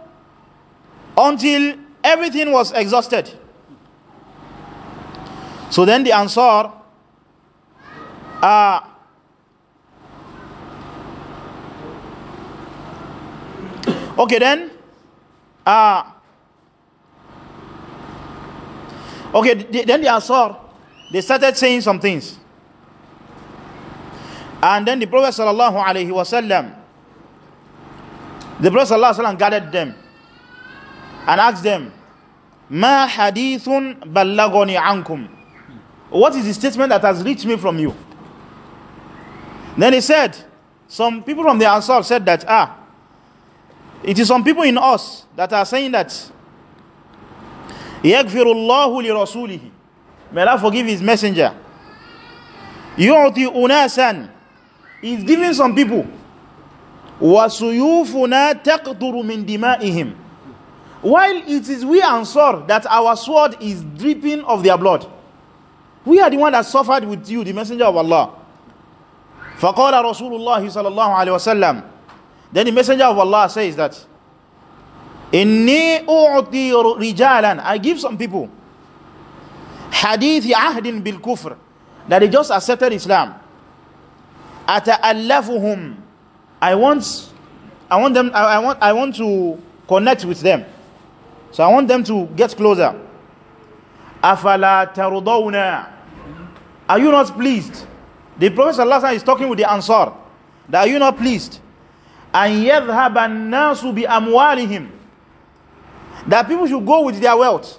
until everything was exhausted. So then the Ansar uh, okay then uh, okay the, then the Ansar they started saying some things and then the Prophet sallallahu alaihi wasallam the Prophet sallallahu alaihi wasallam gathered them and asked them, Ma hadithun ballagoni ankum. What is the statement that has reached me from you? Then he said, some people from the Ansar said that, ah, it is some people in us that are saying that, Yagfirullahu الله لرسوله. May Allah forgive his messenger. يعطي unasan. He's giving some people. وَسُيُوفُنَا تَقْدُرُ مِنْ دِمَائِهِمْ while it is we and Ansar that our sword is dripping of their blood. We are the one that suffered with you, the messenger of Allah. فَقَالَ رَسُولُ اللَّهِ صَلَى اللَّهُ عَلَيْهِ وَسَلَّمُ Then the messenger of Allah says that, إِنِّي أُعْطِي رِجَالًا I give some people hadith ahdin bil that they just accepted Islam. Ata'allafuhum. I want I want them I want I want to connect with them. So I want them to get closer. Afala tarudawna. Are you not pleased? The Prophet ﷺ is talking with the Ansar. That are you not pleased? And yadhhab an be bi amwalihim. That people should go with their wealth.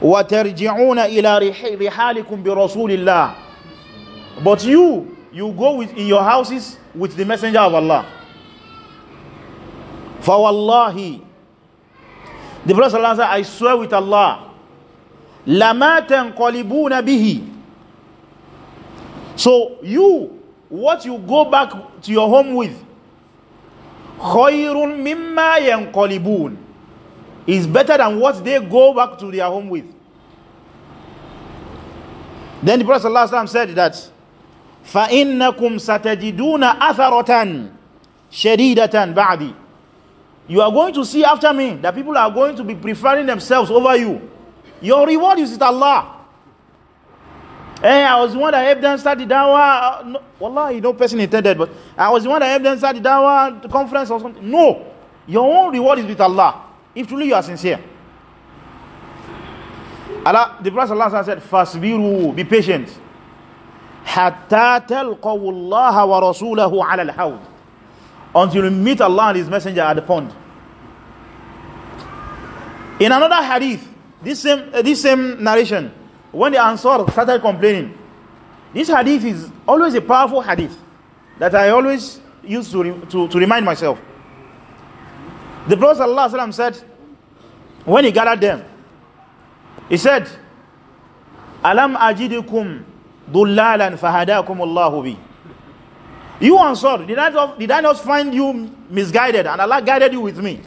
Wa tarji'una ila rihalikum bi rasulillah. But you, you go with, in your houses with the messenger of Allah. Wallahi. The Prophet said, I swear with Allah, لَمَا تَنْقَلِبُونَ بِهِ So you, what you go back to your home with, خَيْرٌ مِمَّا يَنْقَلِبُونَ is better than what they go back to their home with. Then the Prophet ﷺ said that, فَإِنَّكُمْ سَتَجِدُونَ أَثَرَةً شَدِيدَةً بَعْدِي you are going to see after me that people are going to be preferring themselves over you. Your reward is with Allah. Hey, eh, I was the one that helped them start the dawah. Uh, no, wallahi, no person intended, but I was the one that helped them start the dawah the conference or something. No, your own reward is with Allah. If truly you are sincere. Allah, the Prophet Allah said, Fasbiru, be patient. Hatta telqawu Allah wa rasulahu ala al-hawd until you meet Allah and His Messenger at the pond. In another hadith, this same, uh, this same narration, when the Ansar started complaining, this hadith is always a powerful hadith that I always use to, re, to, to remind myself. The Prophet ﷺ said, when he gathered them, he said, Alam ajidukum dullalan fahadakum Allahu bi. You answered. did I, not, did I not find you misguided and Allah guided you with me?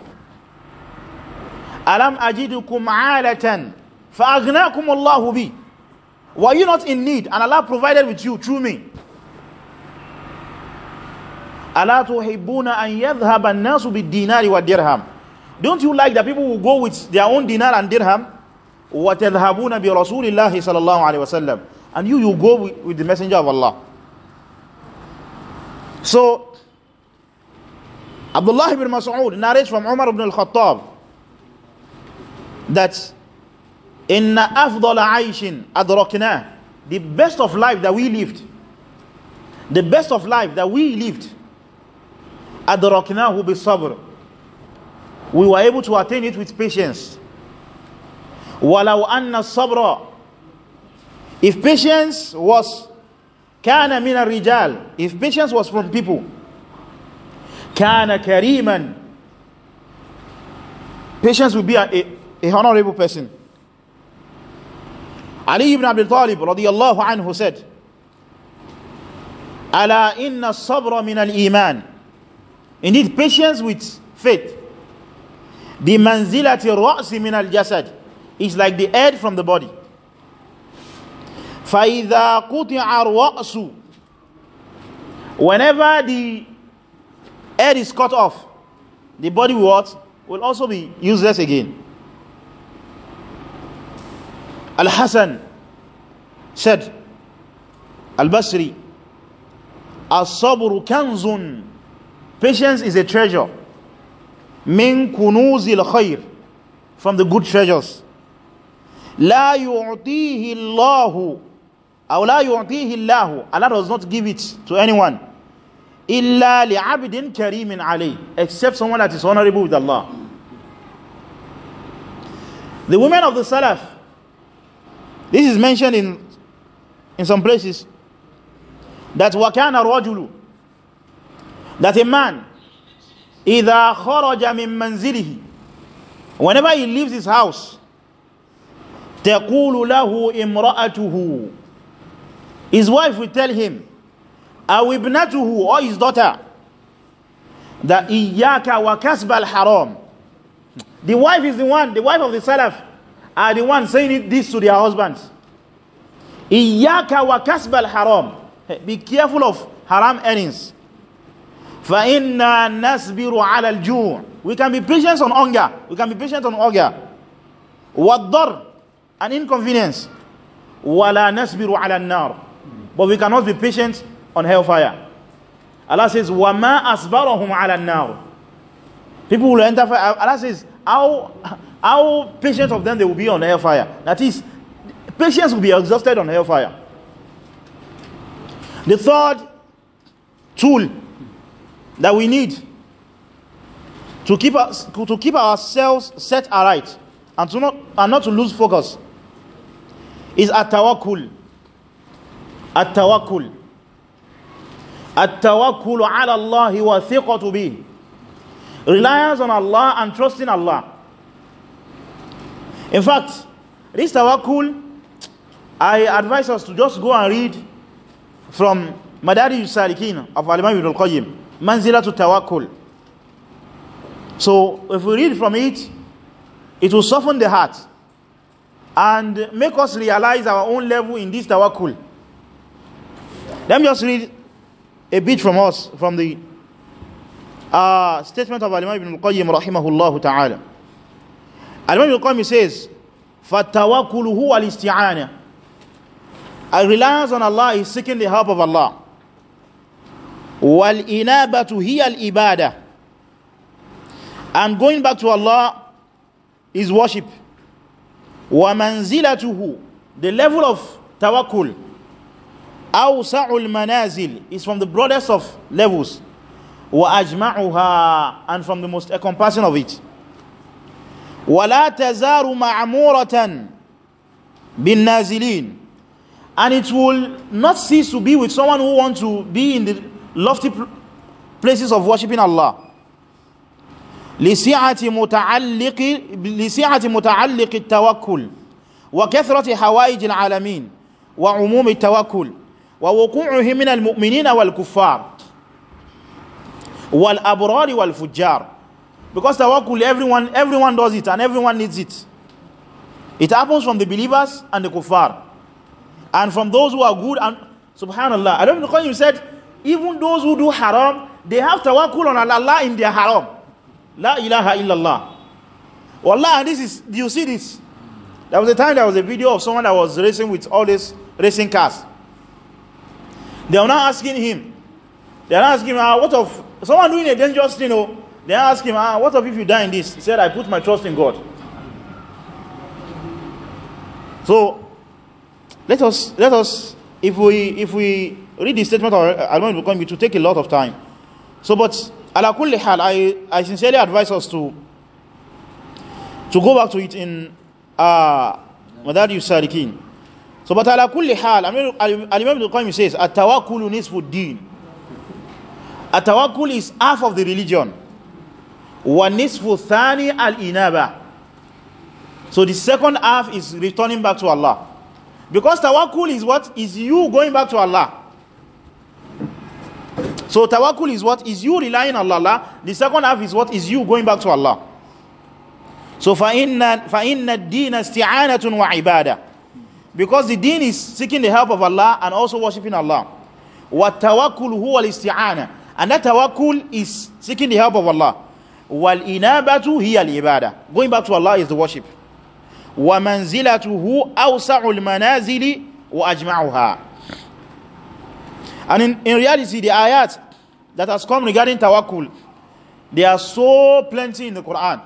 Alam ajidukum alatan fa'aghnakum Allahu bi. Were you not in need and Allah provided with you through me? Ala tuhibbuna an yadhhaba an-nasu bid-dinari wad-dirham. Don't you like that people will go with their own dinar and dirham? Wa tadhhabuna bi Rasulillahi sallallahu alayhi wa sallam. And you you go with, with the messenger of Allah. So, Abdullah ibn Mas'ud narrates from Umar ibn al-Khattab that inna afdala aishin adrakna the best of life that we lived the best of life that we lived be sabr. we were able to attain it with patience walau anna sabra if patience was kana min rijal if patience was from people kana kariman patience would be a, a, a honorable person Ali ibn Abi Talib radiyallahu anhu said ala inna sabra min al-iman indeed patience with faith bi manzilati ra'si min al-jasad is like the head from the body فإذا قطع الرأس whenever the head is cut off the body what will also be useless again Al-Hasan said Al-Basri As-sabru kanzun Patience is a treasure min كُنُوزِ الْخَيْرِ from the good treasures la yu'tihi Allahu aw la yu'tihi Allah Allah does not give it to anyone illa li'abdin karimin alayh except someone that is honorable with Allah the women of the Salaf this is mentioned in in some places that wakana rajulu that a man idha kharaja min manzilihi whenever he leaves his house taqulu lahu imra'atuhu His wife will tell him, Awibnatuhu, or his daughter, that Iyaka wa kasbal haram. The wife is the one, the wife of the Salaf are the one saying this to their husbands. Iyaka wa kasbal haram. Be careful of haram earnings. فَإِنَّا نَسْبِرُ عَلَى الْجُوعِ We can be patient on hunger. We can be patient on hunger. وَالضَّرْ An inconvenience. وَلَا نَسْبِرُ عَلَى النَّارِ but we cannot be patient on hellfire Allah says وَمَا أَصْبَرَهُمْ عَلَى النَّارِ people will enter fire Allah says how, how patient of them they will be on hellfire that is patience will be exhausted on hellfire the third tool that we need to keep us to keep ourselves set aright and to not and not to lose focus is at tawakkul التوكل التوكل على الله وثقة به relies on Allah and trusting Allah in fact this tawakkul I advise us to just go and read from Madari Yusarikin of Al-Imam Ibn Al-Qayyim Manzilatu Tawakkul so if we read from it it will soften the heart and make us realize our own level in this tawakkul Let me just read a bit from us, from the uh, statement of al ibn al-Qayyim rahimahullah ta'ala. al ibn al-Qayyim says, فَالتَّوَكُّلُ هُوَ الْإِسْتِعَانَةِ A reliance on Allah is seeking the help of Allah. وَالْإِنَابَةُ هِيَ الْإِبَادَةِ And going back to Allah is worship. وَمَنْزِلَتُهُ The level of Tawakul." awsa'ul manazil is from the broadest of levels wa ajma'uha and from the most encompassing of it ولا تزار معمورة بالنازلين and it will not cease to be with someone who wants to be in the lofty places of worshiping Allah لسعة متعلق لسعة متعلق التوكل وكثرة حوائج العالمين وعموم التوكل wa wuqu'uhi min al-mu'minina wal kuffar wal abrari wal fujjar because tawakkul everyone everyone does it and everyone needs it it happens from the believers and the kuffar and from those who are good and subhanallah Ibn you said even those who do haram they have tawakkul on Allah in their haram la ilaha illallah wallah this is do you see this there was a time there was a video of someone that was racing with all these racing cars They are not asking him. They are asking him, ah, what of someone doing a dangerous thing? Oh, they ask him, ah, what of if you die in this? He said, I put my trust in God. So let us let us if we if we read the statement of Al-Imam Bukhari, it will take a lot of time. So, but ala kulli I, I sincerely advise us to to go back to it in uh, Madari Sarikin so but ala kulli hal al-imam al-qayyim says at-tawakkul nisfu din at-tawakkul is half of the religion wa nisfu thani al-inaba so the second half is returning back to Allah because tawakkul is what is you going back to Allah so tawakkul is what is you relying on Allah the second half is what is you going back to Allah so fa inna fa inna ad-din isti'anatun wa ibadah Because the deen is seeking the help of Allah and also worshipping Allah. وَالتَّوَكُّلُ هُوَ الْإِسْتِعَانَةِ And that ta'wakul is seeking the help of Allah. وَالْإِنَابَةُ هِيَ الْإِبَادَةِ Going back to Allah is the worship. وَمَنْزِلَتُهُ manazili wa ajma'uha. And in, in reality, the ayat that has come regarding ta'wakul, they are so plenty in the Quran.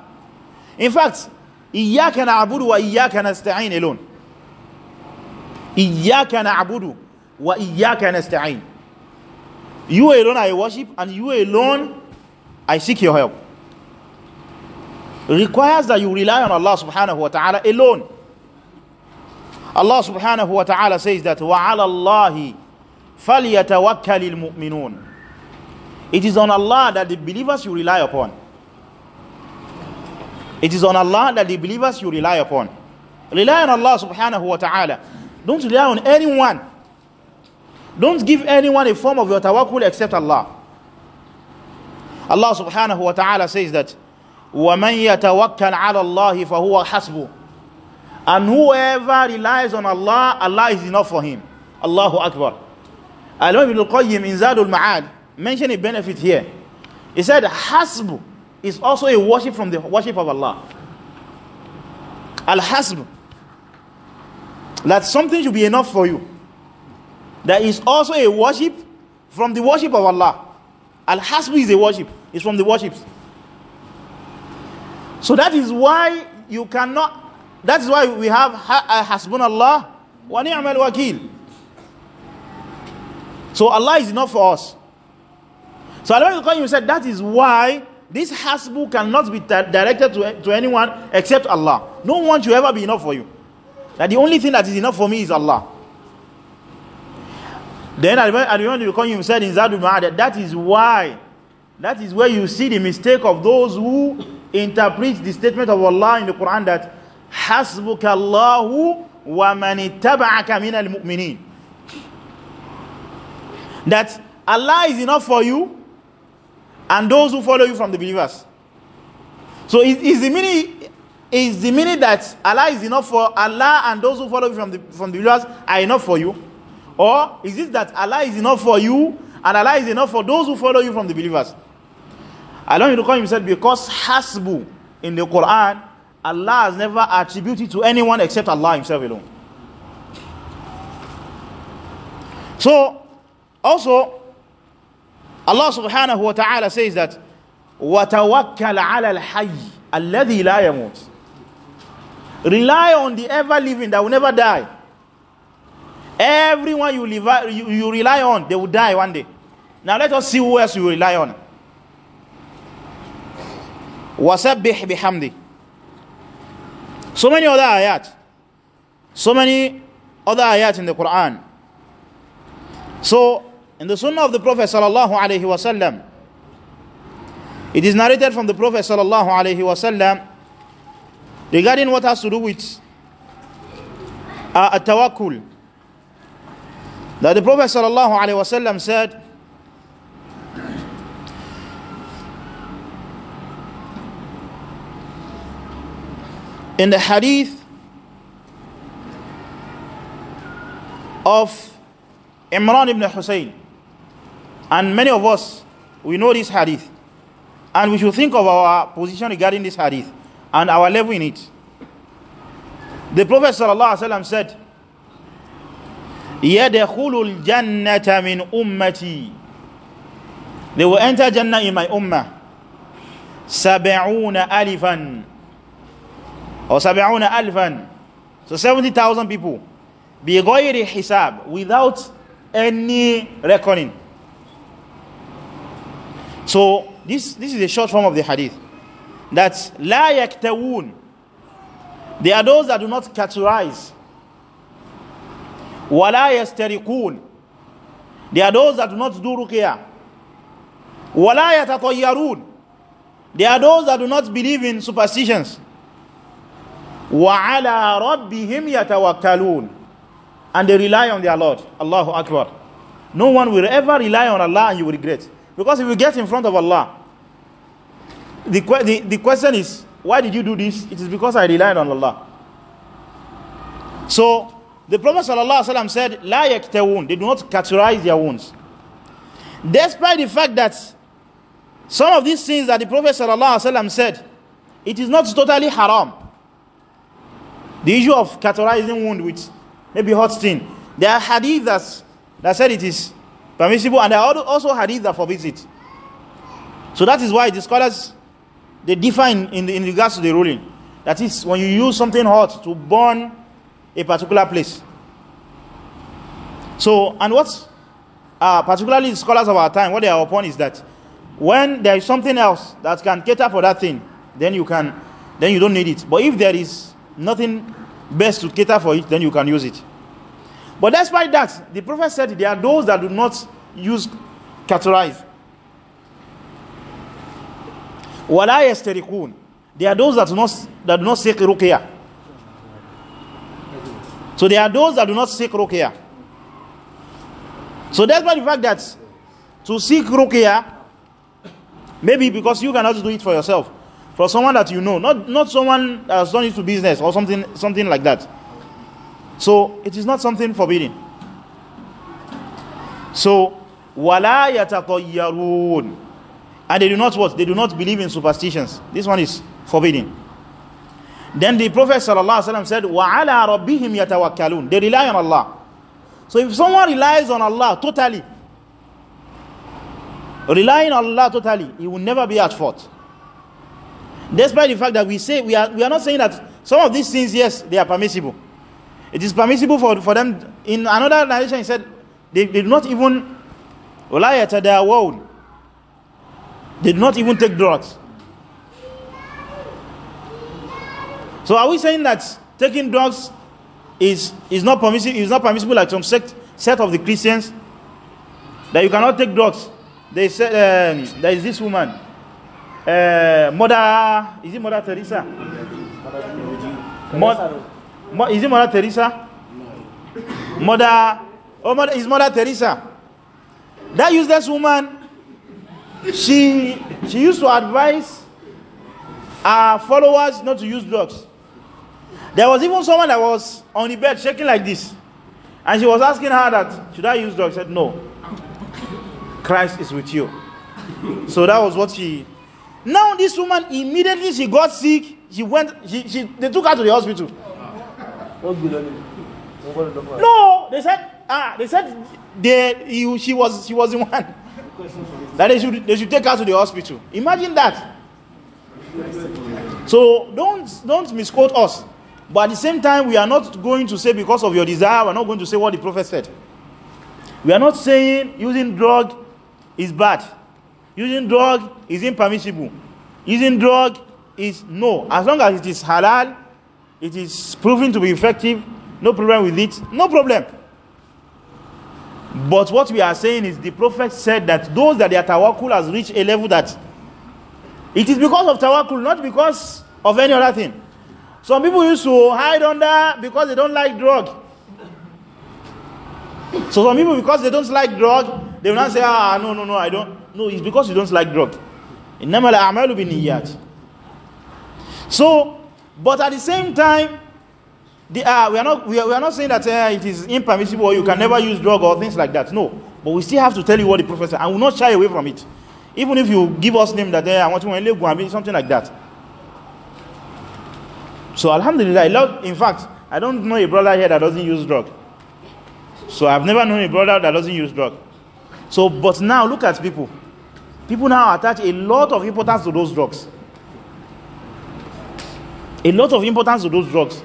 In fact, إِيَّاكَ نَعْبُدُ وَإِيَّاكَ نَسْتَعِينَ alone Iyyaka na'budu wa iyyaka nasta'in. You alone I worship and you alone I seek your help. Requires that you rely on Allah subhanahu wa ta'ala alone. Allah subhanahu wa ta'ala says that وَعَلَى اللَّهِ فَلْيَتَوَكَّلِ الْمُؤْمِنُونَ It is on Allah that the believers you rely upon. It is on Allah that the believers you rely upon. Rely on Allah subhanahu wa ta'ala. Don't rely on anyone. Don't give anyone a form of your tawakkul except Allah. Allah subhanahu wa ta'ala says that, وَمَنْ يَتَوَكَّلْ عَلَى اللَّهِ فَهُوَ حَسْبُهُ And whoever relies on Allah, Allah is enough for him. Allahu Akbar. Alam ibn al-Qayyim in Zadul Ma'ad mention a benefit here. He said, Hasb is also a worship from the worship of Allah. Al-Hasb that something should be enough for you. There is also a worship from the worship of Allah. Al Hasbi is a worship, it's from the worships. So that is why you cannot, that is why we have uh, Allah wa ni'mal wakil. So Allah is enough for us. So Al Qayyim said that is why this Hasbu cannot be directed to, to anyone except Allah. No one should ever be enough for you. That the only thing that is enough for me is Allah. Then I remember, I remember you said in Zadul Ma'ad that that is why, that is where you see the mistake of those who interpret the statement of Allah in the Quran that حَسْبُكَ اللَّهُ وَمَنِ اتَّبَعَكَ مِنَ الْمُؤْمِنِينَ That Allah is enough for you and those who follow you from the believers. So is, is the meaning is the meaning that Allah is enough for Allah and those who follow you from the from the believers are enough for you? Or is it that Allah is enough for you and Allah is enough for those who follow you from the believers? Along Ibn call said, because hasbu in the Quran, Allah has never attributed to anyone except Allah himself alone. So, also, Allah subhanahu wa ta'ala says that, وَتَوَكَّلْ عَلَى الْحَيِّ الَّذِي لَا يَمُوتُ Rely on the ever living that will never die. Everyone you, live, you, you rely on, they will die one day. Now let us see who else you rely on. وَسَبِّحْ بِحَمْدِ So many other ayat. So many other ayat in the Quran. So, in the sunnah of the Prophet sallallahu alayhi wa sallam, it is narrated from the Prophet sallallahu alayhi wa sallam Regarding what has to do with uh, tawakkul that the Prophet sallallahu alaihi wasallam said in the hadith of Imran ibn Hussein and many of us we know this hadith and we should think of our position regarding this hadith and our level in it. The Prophet ﷺ said, يَدَخُلُ الْجَنَّةَ مِنْ أُمَّتِي They will enter Jannah in my ummah. سَبَعُونَ أَلِفًا Or سَبَعُونَ أَلْفًا So 70,000 people. بِغَيْرِ حِسَاب Without any reckoning. So this, this is a short form of the hadith that la yaktawun they are those that do not categorize wa la yastariqun they are those that do not do ruqya wa la yatatayyarun they are those that do not believe in superstitions wa ala rabbihim yatawakkalun and they rely on their lord allahu akbar no one will ever rely on allah and you will regret because if you get in front of allah the, the, the question is, why did you do this? It is because I relied on Allah. So, the Prophet ﷺ said, La yaktawun. They do not categorize their wounds. Despite the fact that some of these things that the Prophet ﷺ said, it is not totally haram. The issue of categorizing wound with maybe hot steam, There are hadith that's, that said it is permissible, and there are also hadith that forbids it. So that is why the scholars they differ in, in, in, regards to the ruling. That is, when you use something hot to burn a particular place. So, and what uh, particularly scholars of our time, what they are upon is that when there is something else that can cater for that thing, then you can, then you don't need it. But if there is nothing best to cater for it, then you can use it. But despite that, the prophet said there are those that do not use categorize wala yastarikun they are those that do not that do not seek ruqya so they are those that do not seek ruqya so that's why the fact that to seek ruqya maybe because you cannot do it for yourself for someone that you know not not someone that has done it to business or something something like that so it is not something forbidden so wala yatatayyarun and they do not what they do not believe in superstitions this one is forbidden then the prophet sallallahu alaihi wasallam said wa ala rabbihim yatawakkalun they rely on allah so if someone relies on allah totally relying on allah totally he will never be at fault despite the fact that we say we are we are not saying that some of these things yes they are permissible it is permissible for, for them in another narration he said they, they do not even their يَتَدَاوَوْنَ They did not even take drugs. So are we saying that taking drugs is, is, not, permissible, is not permissible like some sect, set of the Christians? That you cannot take drugs. They said um, there is this woman, uh, Mother, is it Mother Teresa? Mother, Mo, is it Mother Teresa? Mother, oh, mother, is Mother Teresa? That useless woman she she used to advise her followers not to use drugs there was even someone that was on the bed shaking like this and she was asking her that should i use drugs said no christ is with you so that was what she now this woman immediately she got sick she went she, she they took her to the hospital no they said ah they said they he, she was she was the one that they should, they should take her to the hospital. Imagine that. So don't, don't misquote us. But at the same time, we are not going to say because of your desire, we're not going to say what the prophet said. We are not saying using drug is bad. Using drug is impermissible. Using drug is no. As long as it is halal, it is proven to be effective, no problem with it, no problem. But what we are saying is the prophet said that those that their tawakul has reached a level that it is because of tawakul, not because of any other thing. Some people used to hide under because they don't like drug. So some people, because they don't like drug, they will not say, ah, no, no, no, I don't. No, it's because you don't like drug. إِنَّمَا الْأَعْمَالُ بِنِيَّاتِ So, but at the same time, They are, uh, we, are not, we, are, we are not saying that uh, it is impermissible or you can never use drug or things like that. No. But we still have to tell you what the prophet said. I will not shy away from it. Even if you give us name that uh, I want to go and something like that. So Alhamdulillah, love, in fact, I don't know a brother here that doesn't use drug. So I've never known a brother that doesn't use drug. So, but now look at people. People now attach a lot of importance to those drugs. A lot of importance to those drugs.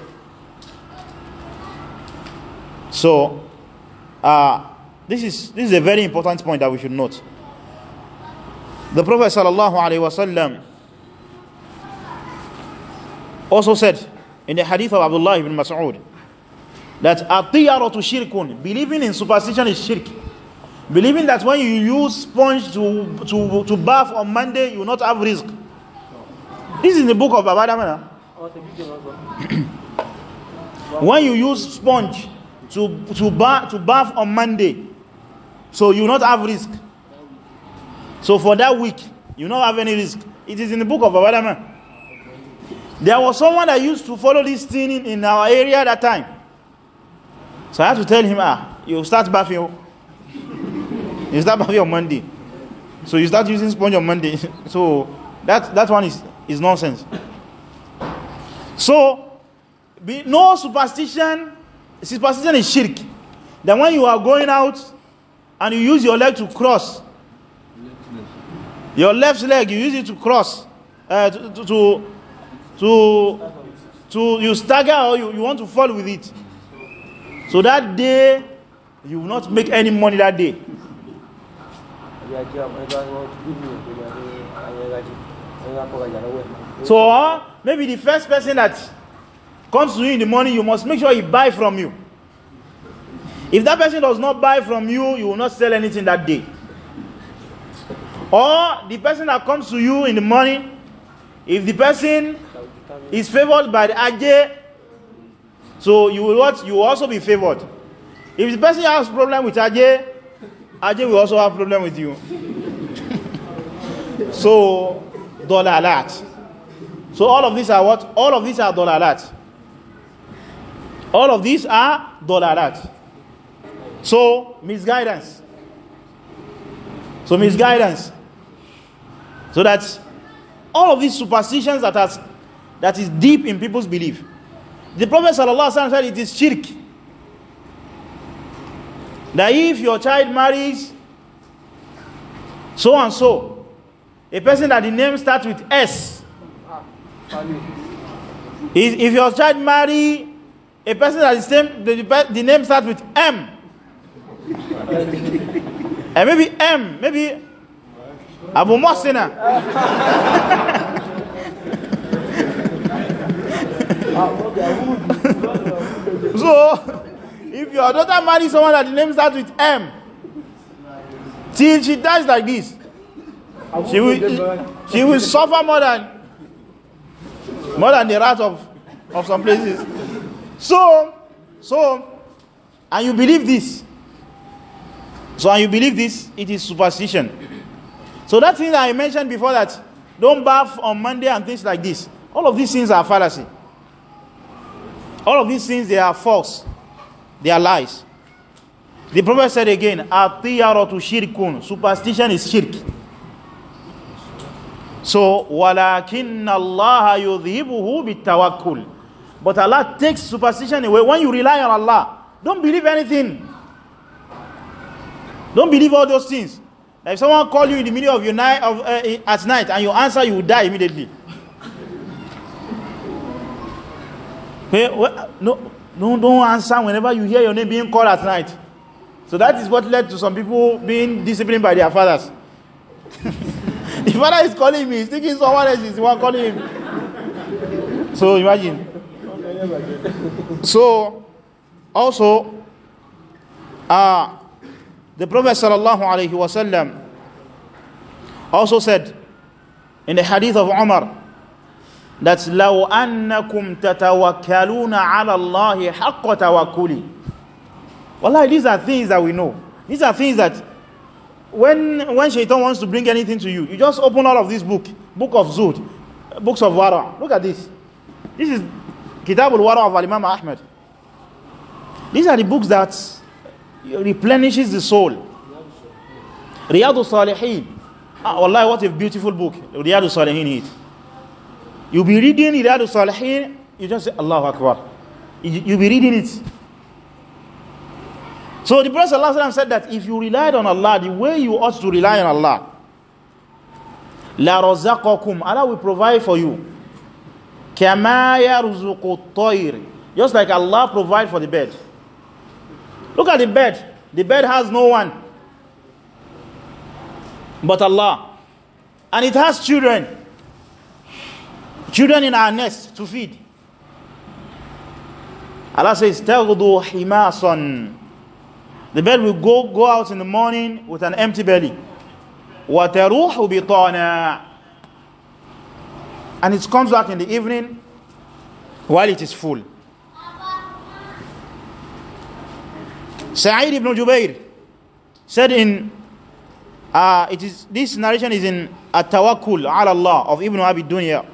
so uh, this, is, this is a very important point that we should note the prophet sallallahu alaihi wasallam also said in the hadith of Abdullah ibn Mas'ud that atiyaratu shirkun believing in superstition is shirk believing that when you use sponge to, to, to bath on Monday you will not have risk this is in the book of Babadamana oh, when you use sponge to, to, bath, to bath on Monday. So you not have risk. So for that week, you not have any risk. It is in the book of Abadama. There was someone that used to follow this thing in, in our area at that time. So I had to tell him, ah, you start bathing. You start bathing on Monday. So you start using sponge on Monday. so that, that one is, is nonsense. So, be, no superstition superstition is shirk Then, when you are going out and you use your leg to cross your left leg you use it to cross uh, to, to, to, to, to you stagger or you, you want to fall with it so that day you will not make any money that day so uh, maybe the first person that comes to you in the morning, you must make sure he buy from you. If that person does not buy from you, you will not sell anything that day. Or the person that comes to you in the morning, if the person is favored by the ajay, so you will what you will also be favored. If the person has problem with ajay, ajay will also have problem with you. so dollar alert. So all of these are what? All of these are dollar alert all of these are dalalat so misguidance so misguidance so that all of these superstitions that has that is deep in people's belief the prophet sallallahu alaihi wasallam said it is shirk that if your child marries so and so a person that the name starts with s ah, if your child marry a person that is same, the, the name starts with M. and maybe M, maybe Abu Mosina. so, if your daughter marries someone that the name starts with M, till she dies like this, she will, she will suffer more than more than the rats of, of some places. so so and you believe this so and you believe this it is superstition so that thing that I mentioned before that don't bath on Monday and things like this all of these things are fallacy all of these things they are false they are lies the prophet said again atiyaratu shirkun superstition is shirk so walakin Allah yudhibuhu bitawakkul But Allah takes superstition away. When you rely on Allah, don't believe anything. Don't believe all those things. Like if someone call you in the middle of your night of, uh, at night and you answer, you will die immediately. okay, well, no, no, don't answer whenever you hear your name being called at night. So that is what led to some people being disciplined by their fathers. the father is calling me, he's thinking someone else is the one calling him. So imagine. so, also, uh, the Prophet sallallahu alayhi wasallam also said in the hadith of Umar that لَوْ أَنَّكُمْ تَتَوَكَّلُونَ عَلَى اللَّهِ حَقَّ تَوَكُّلِ Wallahi, these are things that we know. These are things that when, when shaitan wants to bring anything to you, you just open all of this book, book of Zud, books of Wara. Look at this. This is Kitabul Wara' of Imam Ahmed. these are the books that replenishes the soul Riyadus Salihin ah, wallahi what a beautiful book Riyadus Salihin it You be reading Riyadus Salihin you just say Allahu Akbar you, be reading it so the Prophet ﷺ said that if you relied on Allah the way you ought to rely on Allah la razaqakum Allah will provide for you كَمَا يَرْزُقُ الطَّيْرِ Just like Allah provide for the bird. Look at the bird. The bird has no one but Allah. And it has children. Children in our nest to feed. Allah says, تَغْدُوا حِمَاسًا The bird will go, go out in the morning with an empty belly. وَتَرُوحُ بِطَانًا and it comes back in the evening while it is full. Sa'id ibn Jubair said in uh, it is this narration is in At-Tawakkul ala Allah of Ibn Abi Dunya.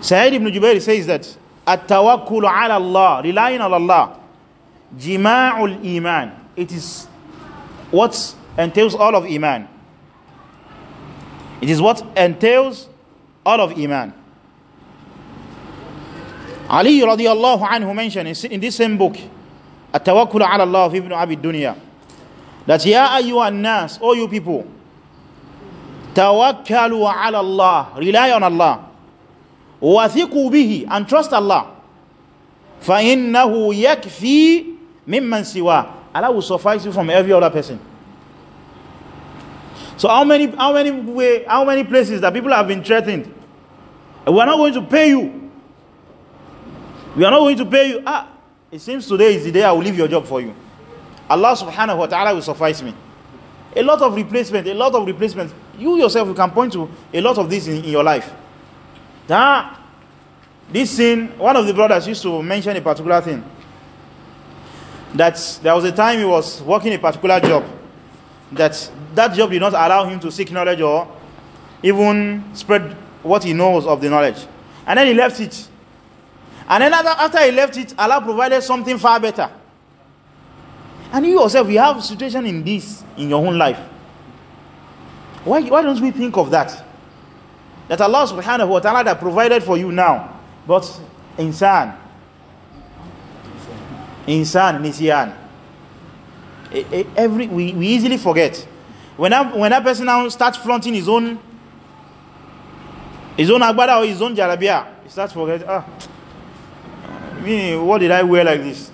Sa'id ibn Jubair says that At-Tawakkul ala Allah, relying on Allah, jima'ul iman. It is what entails all of iman. It is what entails out of Iman. Ali radiallahu anhu mentioned in this same book, At-Tawakkul ala Allah of Ibn Abi Dunya, that Ya ayyuhan nas, all you people, Tawakkalu ala Allah, rely on Allah, Wathiqu bihi, and trust Allah, فَإِنَّهُ يَكْفِي مِمَّنْ سِوَاهُ Allah will suffice you from every other person. So how many, how many, how many places that people have been threatened we are not going to pay you we are not going to pay you ah it seems today is the day I will leave your job for you Allah subhanahu wa ta'ala will suffice me a lot of replacement a lot of replacement you yourself you can point to a lot of this in, in your life that this sin one of the brothers used to mention a particular thing that there was a time he was working a particular job that that job did not allow him to seek knowledge or even spread what he knows of the knowledge. And then he left it. And then after he left it, Allah provided something far better. And you yourself, you have situation in this in your own life. Why, why don't we think of that? That Allah subhanahu wa ta'ala that provided for you now. But insan. Insan, nisyan. Every, we, we easily forget. When a, when a person now starts flaunting his own his own agbada or his own jarabia he starts forget ah me what did I wear like this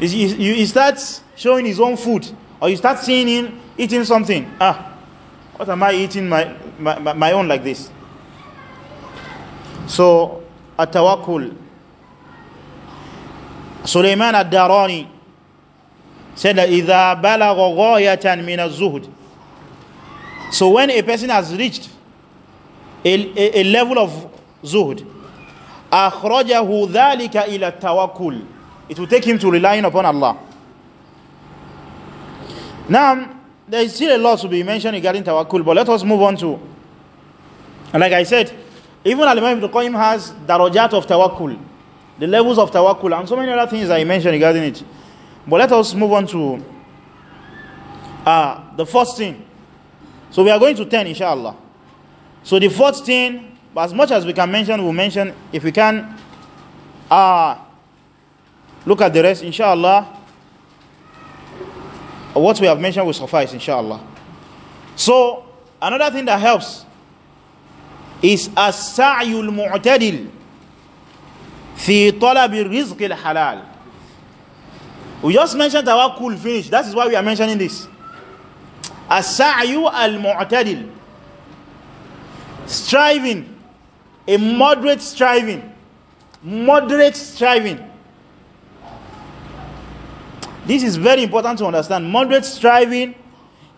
he, he, he starts showing his own food or you start seeing him eating something ah what am I eating my, my, my own like this so Atawakul. tawakkul Sulaiman ad-Darani said that إذا بلغ غاية من الزهد so when a person has reached a, a, a level of zuhd, أخرجه ذلك إلى التوكل It will take him to relying upon Allah. Now, there is still a lot to be mentioned regarding tawakkul, but let us move on to. And like I said, even Al-Imam Ibn Qayyim has darajat of tawakkul, the levels of tawakkul, and so many other things I mentioned regarding it. But let us move on to uh, the first thing. So we are going to 10 inshallah. So the fourth thing, as much as we can mention, we'll mention. If we can uh, look at the rest, inshallah, what we have mentioned will suffice, inshallah. So another thing that helps is as-sa'yu mutadil fi talab rizq al-halal. We just mentioned tawakkul finish. That is why we are mentioning this as-sa'yu al-mu'tadil striving a moderate striving moderate striving this is very important to understand moderate striving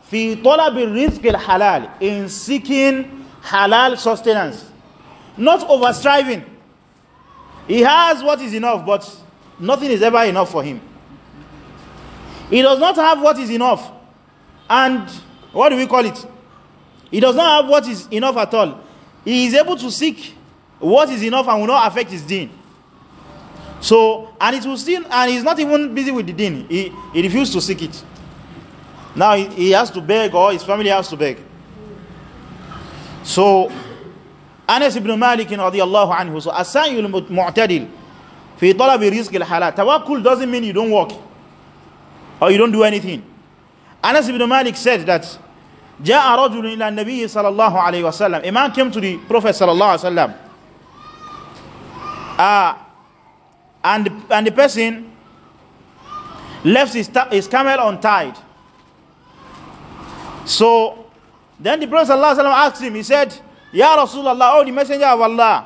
fi talabi rizq halal in seeking halal sustenance not over striving he has what is enough but nothing is ever enough for him he does not have what is enough and what do we call it he does not have what is enough at all he is able to seek what is enough and will not affect his deen so and it will still and he's not even busy with the deen he, he refused to seek it now he, he has to beg or his family has to beg so Anas ibn Malik radiyallahu anhu so asayul mu'tadil fi talab rizq al halal tawakkul doesn't mean you don't work or you don't do anything Anas ibn Malik said that جاء رجل إلى النبي صلى الله عليه وسلم a man came to the Prophet صلى الله عليه وسلم uh, and, and the person left his, his camel untied so then the Prophet صلى الله عليه وسلم asked him he said Ya Rasulullah oh the messenger of Allah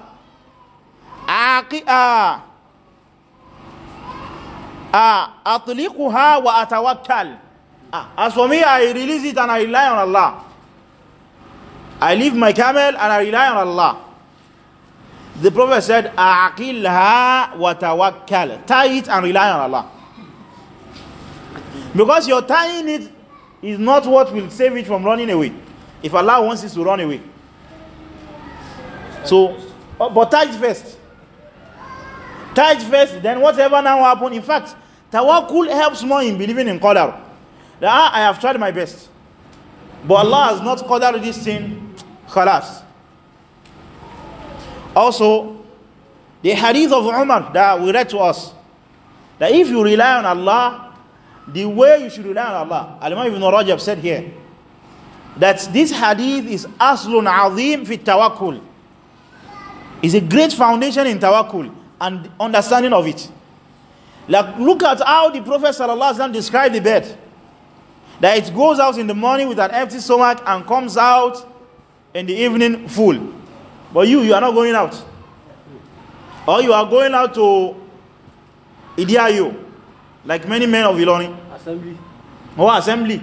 أطلقها وأتوكل ah, ah, Ah, as for me, I release it and I rely on Allah. I leave my camel and I rely on Allah. The Prophet said, Aqilha wa tawakkal. Tie it and rely on Allah. Because your tying it is not what will save it from running away. If Allah wants it to run away. So, oh, but tie it first. Tie it first, then whatever now happen. In fact, tawakkul helps more in believing in qadar. that ah, I have tried my best but Allah has not called out this thing khalas also the hadith of Umar that we read to us that if you rely on Allah the way you should rely on Allah Al-Imam Ibn Rajab said here that this hadith is aslun azim fi tawakkul is a great foundation in tawakkul and understanding of it like look at how the prophet sallallahu alaihi wasallam described the bed that it goes out in the morning with an empty stomach and comes out in the evening full. But you, you are not going out. Or you are going out to Idiayo, like many men of Iloni. Assembly. oh, assembly.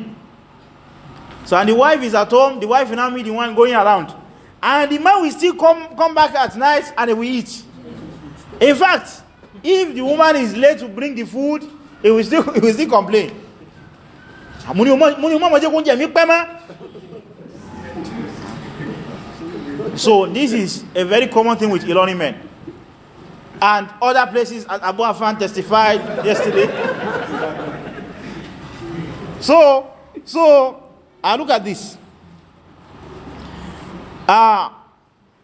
So, and the wife is at home, the wife and I the one going around. And the man will still come, come back at night and they will eat. In fact, if the woman is late to bring the food, he will still, he will still complain. Ah, mo ní o mọ́ jẹ́ kó mi pẹ́ má so this is a very common thing with Iloni men and other places as Abu Afan testified yesterday so so I look at this uh,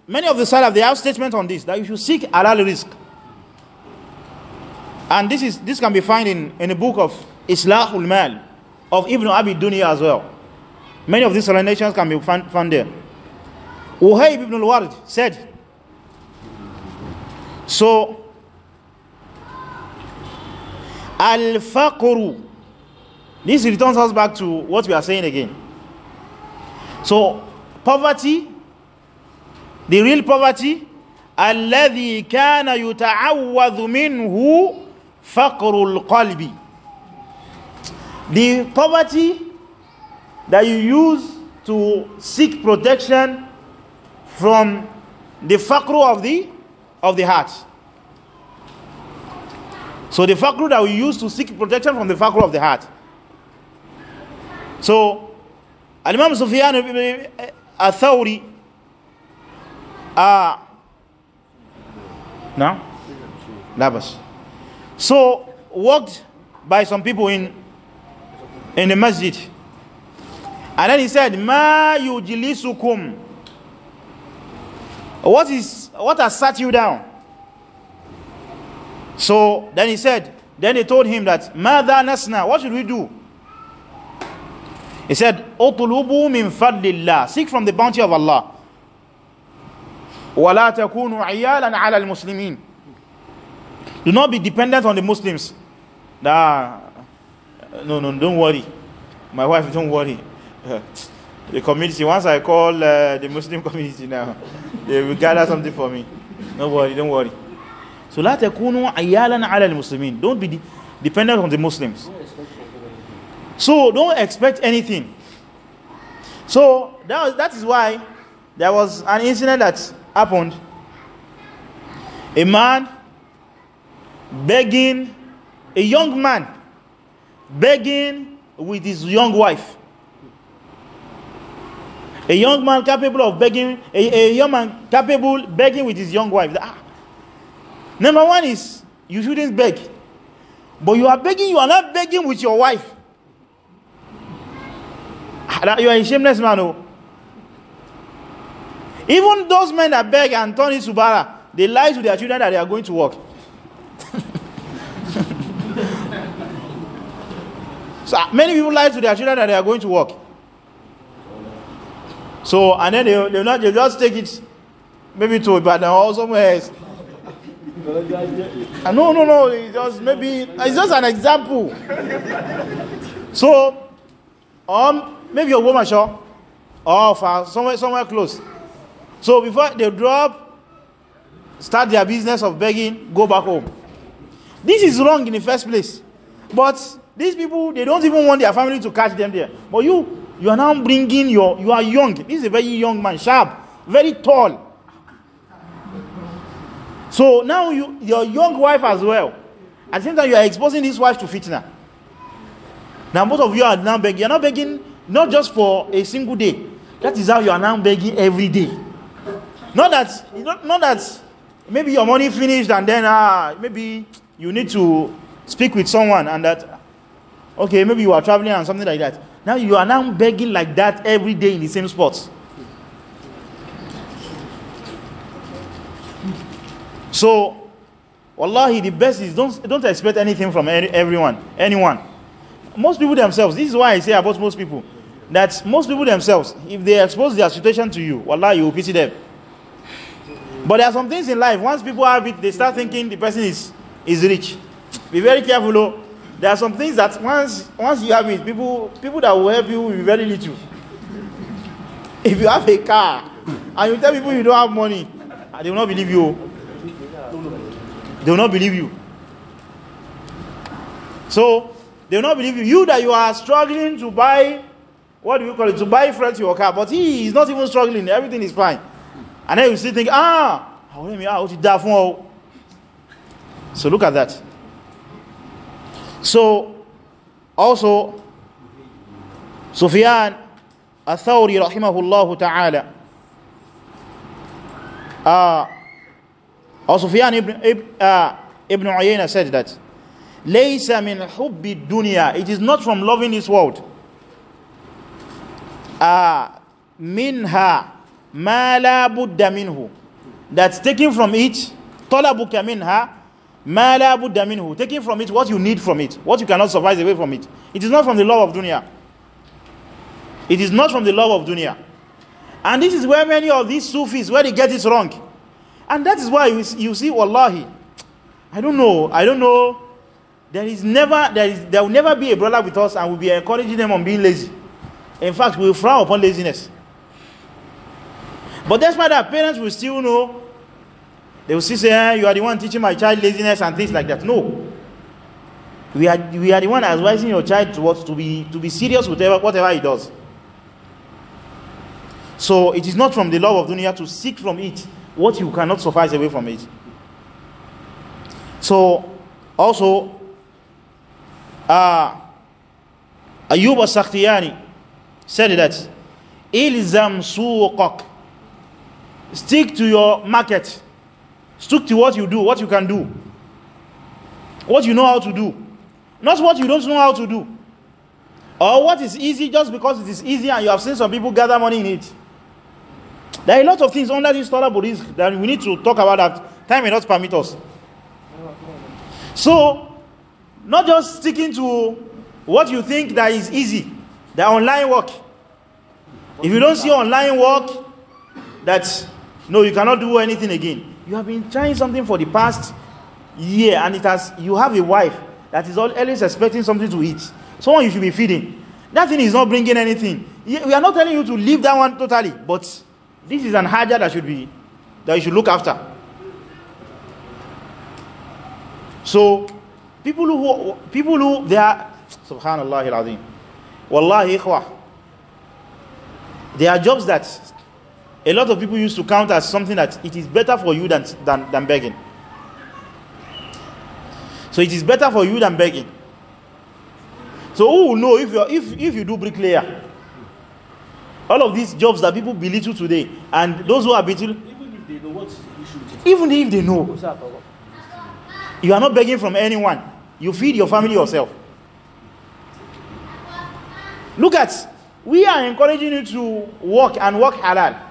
many of the Salaf they have statement on this that you should seek halal risk and this is this can be found in in a book of Islahul Mal of Ibn Abi Dunya as well. Many of these explanations can be found, found there. Uhayb ibn al-Ward said, so, al-faqru, this returns us back to what we are saying again. So, poverty, the real poverty, kana كان minhu منه al qalbi." The poverty that you use to seek protection from the fakru of the of the heart. So the fakru that we use to seek protection from the fakru of the heart. So Al-Imam Sufyan eh, al-Thawri uh, ah, no? Labas. So worked by some people in in the masjid. And then he said, Ma yujlisukum. What is what has sat you down? So then he said, then they told him that Mada nasna, what should we do? He said, tulubu min fadlillah, seek from the bounty of Allah. وَلَا تَكُونُوا ala al-Muslimin. Do not be dependent on the Muslims. Nah, no no don't worry my wife don't worry the community once I call uh, the Muslim community now they will gather something for me no worry don't worry so لا تكونوا عيالا على المسلمين don't be dependent on the Muslims so don't expect anything so that, was, that is why there was an incident that happened a man begging a young man begging with his young wife. A young man capable of begging, a, a young man capable begging with his young wife. Ah. Number one is you shouldn't beg. But you are begging, you are not begging with your wife. Ah, you are a shameless man. Oh. Even those men that beg and turn into bara, they lie to their children that they are going to work. So uh, many people lie to their children that they are going to work. So, and then they, they, not, they just take it maybe to a or somewhere else. Uh, no, no, no, it's just maybe, it's just an example. So, um, maybe your woman shop or far, somewhere, somewhere close. So before they drop, start their business of begging, go back home. This is wrong in the first place. But these people, they don't even want their family to catch them there. But you, you are now bringing your, you are young. This is a very young man, sharp, very tall. So now you, your young wife as well. At the same time, you are exposing this wife to fitna. Now most of you are now begging. You are not begging not just for a single day. That is how you are now begging every day. Not that, not, not that maybe your money finished and then ah maybe you need to speak with someone and that okay maybe you are traveling and something like that now you are now begging like that every day in the same spot so wallahi the best is don't don't expect anything from any, everyone anyone most people themselves this is why i say about most people that most people themselves if they expose their situation to you wallahi you will pity them but there are some things in life once people have it they start thinking the person is is rich be very careful though there are some things that once once you have it people people that will help you will be very little if you have a car and you tell people you don't have money ah, they will not believe you they will not believe you so they will not believe you you that you are struggling to buy what do you call it to buy friends your car but he is not even struggling everything is fine and then you still think ah, ah so look at that So, also, Sufyan Athawri rahimahullahu ta'ala uh, or Sufyan ibn, ibn, uh, ibn Uyayna said that Laysa min hubbi dunya It is not from loving this world uh, Minha ma la budda minhu That's taken from it Talabuka minha ma daminu, taking from it what you need from it what you cannot survive away from it it is not from the love of dunya it is not from the love of dunya and this is where many of these sufis where they get it wrong and that is why you, you see wallahi i don't know i don't know there is never there is there will never be a brother with us and we'll be encouraging them on being lazy in fact we'll frown upon laziness but despite that parents will still know They will say, ah, you are the one teaching my child laziness and things like that. No. We are, we are the one advising your child towards to be, to be serious whatever, whatever he does. So it is not from the love of dunya to seek from it what you cannot suffice away from it. So also, uh, Ayub as sakhtiyani said that, Ilzam suqaq. Stick to your market Stick to what you do, what you can do, what you know how to do, not what you don't know how to do, or what is easy just because it is easy and you have seen some people gather money in it. There are a lot of things under this Torah Buddhism that we need to talk about that time may not permit us. So, not just sticking to what you think that is easy, the online work. If you don't see online work, that no, you cannot do anything again. You have been trying something for the past year and it has you have a wife that is always expecting something to eat. Someone you should be feeding. That thing is not bringing anything. We are not telling you to leave that one totally, but this is an hajjah that should be that you should look after. So people who people who they are subhanallah alazim. Wallahi ikhwah. There are jobs that a lot of people used to count as something that it is better for you than, than, than begging. So it is better for you than begging. So who will know if, you if, if you do bricklayer? All of these jobs that people belittle today and those who are belittle, Even if they know. You are not begging from anyone. You feed your family yourself. Look at, we are encouraging you to work and work halal.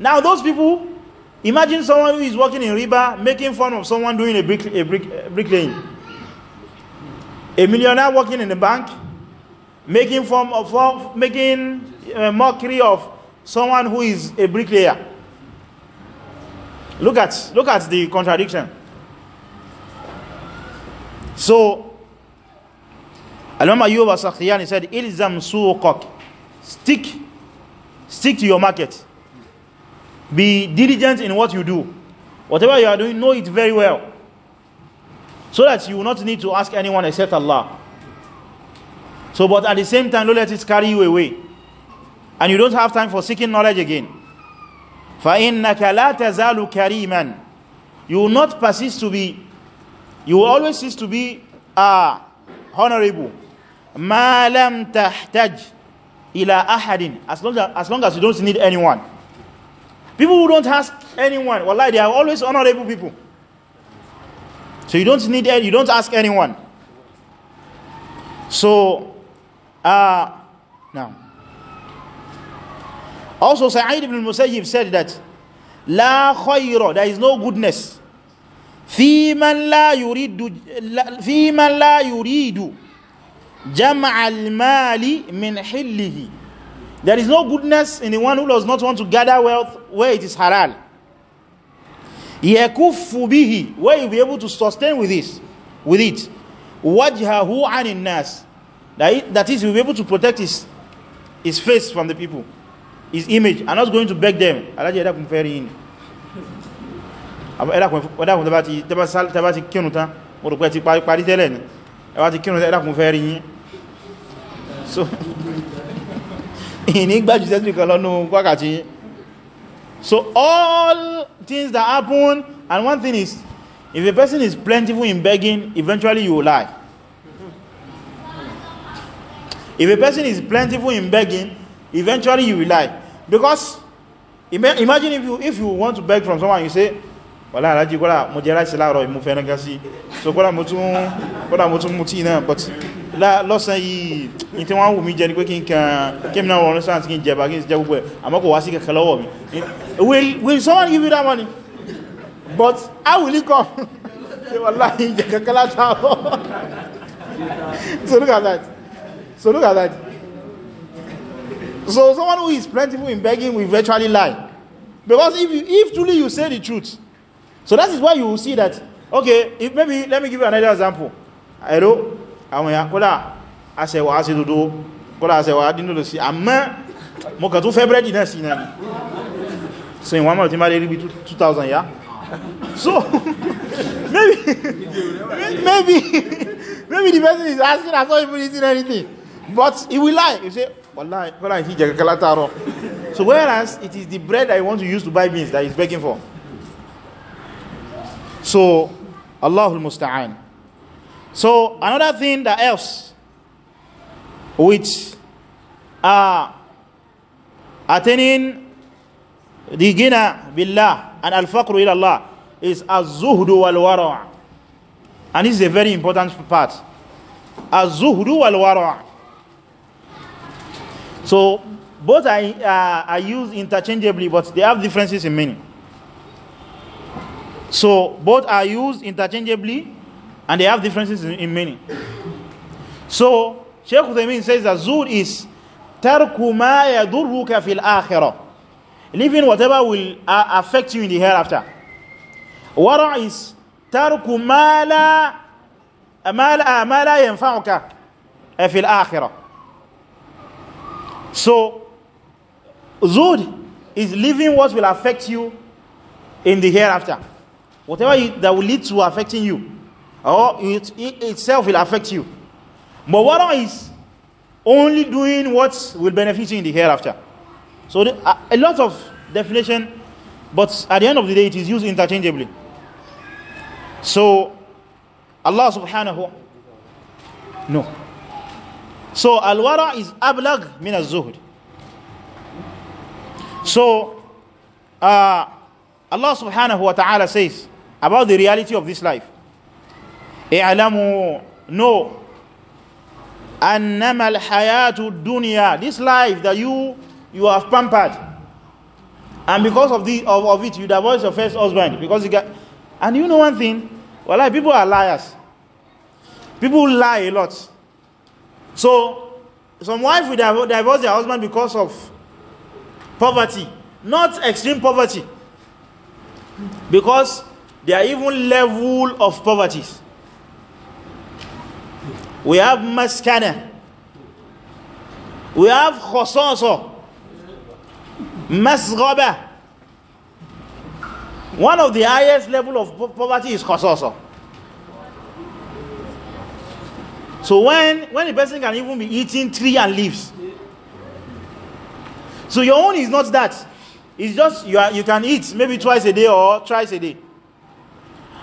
Now those people, imagine someone who is working in riba making fun of someone doing a brick, a brick, a bricklaying. A millionaire working in the bank making fun of, making uh, mockery of someone who is a bricklayer. Look at look at the contradiction. So Alama Yuba Sakhtiyani said, Ilzam suqak. Stick. Stick to your market be diligent in what you do whatever you are doing know it very well so that you will not need to ask anyone except Allah so but at the same time don't let it carry you away and you don't have time for seeking knowledge again فَإِنَّكَ لَا تَزَالُ كَرِيمًا you will not persist to be you will always cease to be uh, honorable مَا لَمْ تَحْتَجْ إِلَى أَحَدٍ as long as, as long as you don't need anyone People who don't ask anyone, like they are always honorable people. So you don't need you don't ask anyone. So, uh, now. Also, Sa'id ibn Musayyib said that, La khayra, there is no goodness. في من لا يريد في من لا يريد جمع المال من حله There is no goodness in the one who does not want to gather wealth where it is haral. Yakufu fubihi where he will be able to sustain with this, with it. Wajhahu anin nas. That is, he will be able to protect his, his face from the people, his image. I'm not going to beg them. Alájẹ́ ẹ̀dàkùn fẹ́ rí ní. Ẹ̀dàkùn tẹ́bá ti kírun tán, mo rò pé ti parí tẹ́lẹ̀ ni. Ẹwà ti kírun tẹ́lẹ̀kùn So, ìní gbájú sẹ́tù kan lọ́nà wákàtí so all things that happen and one thing is if a person is plentiful in begging eventually you will lie if a person is plentiful in begging eventually you will lie because imagine if you if you want to beg from someone you say wàlá alájí kọ́lá mo jẹ́ láìsí láàrọ̀ ìmúfẹ́ náà gá sí so kọ́lá mo tún mú tí náà but lọ́sàn yìí in tí wọ́n wù mí jẹ ní pé kí n kàn kí mìíràn wọ́n restaurant kí n jẹba kí n jẹ gbogbo ẹ̀ àmọ́ kò wá sí kẹ̀kẹ́ lọ́wọ́ mi will will someone give you that money but how will it come say wallahi jẹ kẹ̀kẹ́ látàbọ̀ so look at that so look at that so someone who is plentiful in begging will virtually lie because if you, if truly you say the truth so that is why you will see that okay if maybe let me give you another example I know àwọn ya kọ́lá asẹ̀wà sí dodo kọ́lá asẹ̀wà dínlọ́dọ̀ sí àmọ́ mo kà tó fẹ́ búrẹ́dì náà sí náà ni so in one month ma lè rí bí 2000 ya so maybe maybe maybe the person is asking us not even eating anything but he will lie he say wallahi kọ́lá ìsí jẹ kẹkẹ látàárọ̀ so whereas it is the bread that you want to use to buy beans that he's begging for so Allahul Musta'an So another thing that helps with uh, attaining the gina billah and al-faqru ila Allah is az-zuhdu wal-wara' and this is a very important part az-zuhdu wal-wara' so both are, uh, are used interchangeably but they have differences in meaning so both are used interchangeably and they have differences in, in meaning. So, Sheikh Uthaymeen says that zuhd is tarku ma yadurruka fil akhirah. Leaving whatever will uh, affect you in the hereafter. Wara is tarku ma la ma uh, yanfa'uka uh, fil akhirah. So, zuhd is leaving what will affect you in the hereafter. Whatever you, that will lead to affecting you or it, it itself will affect you. But wara is only doing what will benefit you in the hereafter. So the, a, a lot of definition, but at the end of the day, it is used interchangeably. So Allah subhanahu no. So al-wara is ablag min az-zuhd. So uh, Allah subhanahu wa ta'ala says about the reality of this life. i'lamu know annama al-hayatu dunya this life that you you have pampered and because of the of, of it you divorce your first husband because you get. and you know one thing well like people are liars people lie a lot so some wife will divorce their husband because of poverty not extreme poverty because there are even level of poverties we have maskana we have khasasa masghaba one of the highest level of poverty is khasasa so when when a person can even be eating tree and leaves so your own is not that it's just you are, you can eat maybe twice a day or thrice a day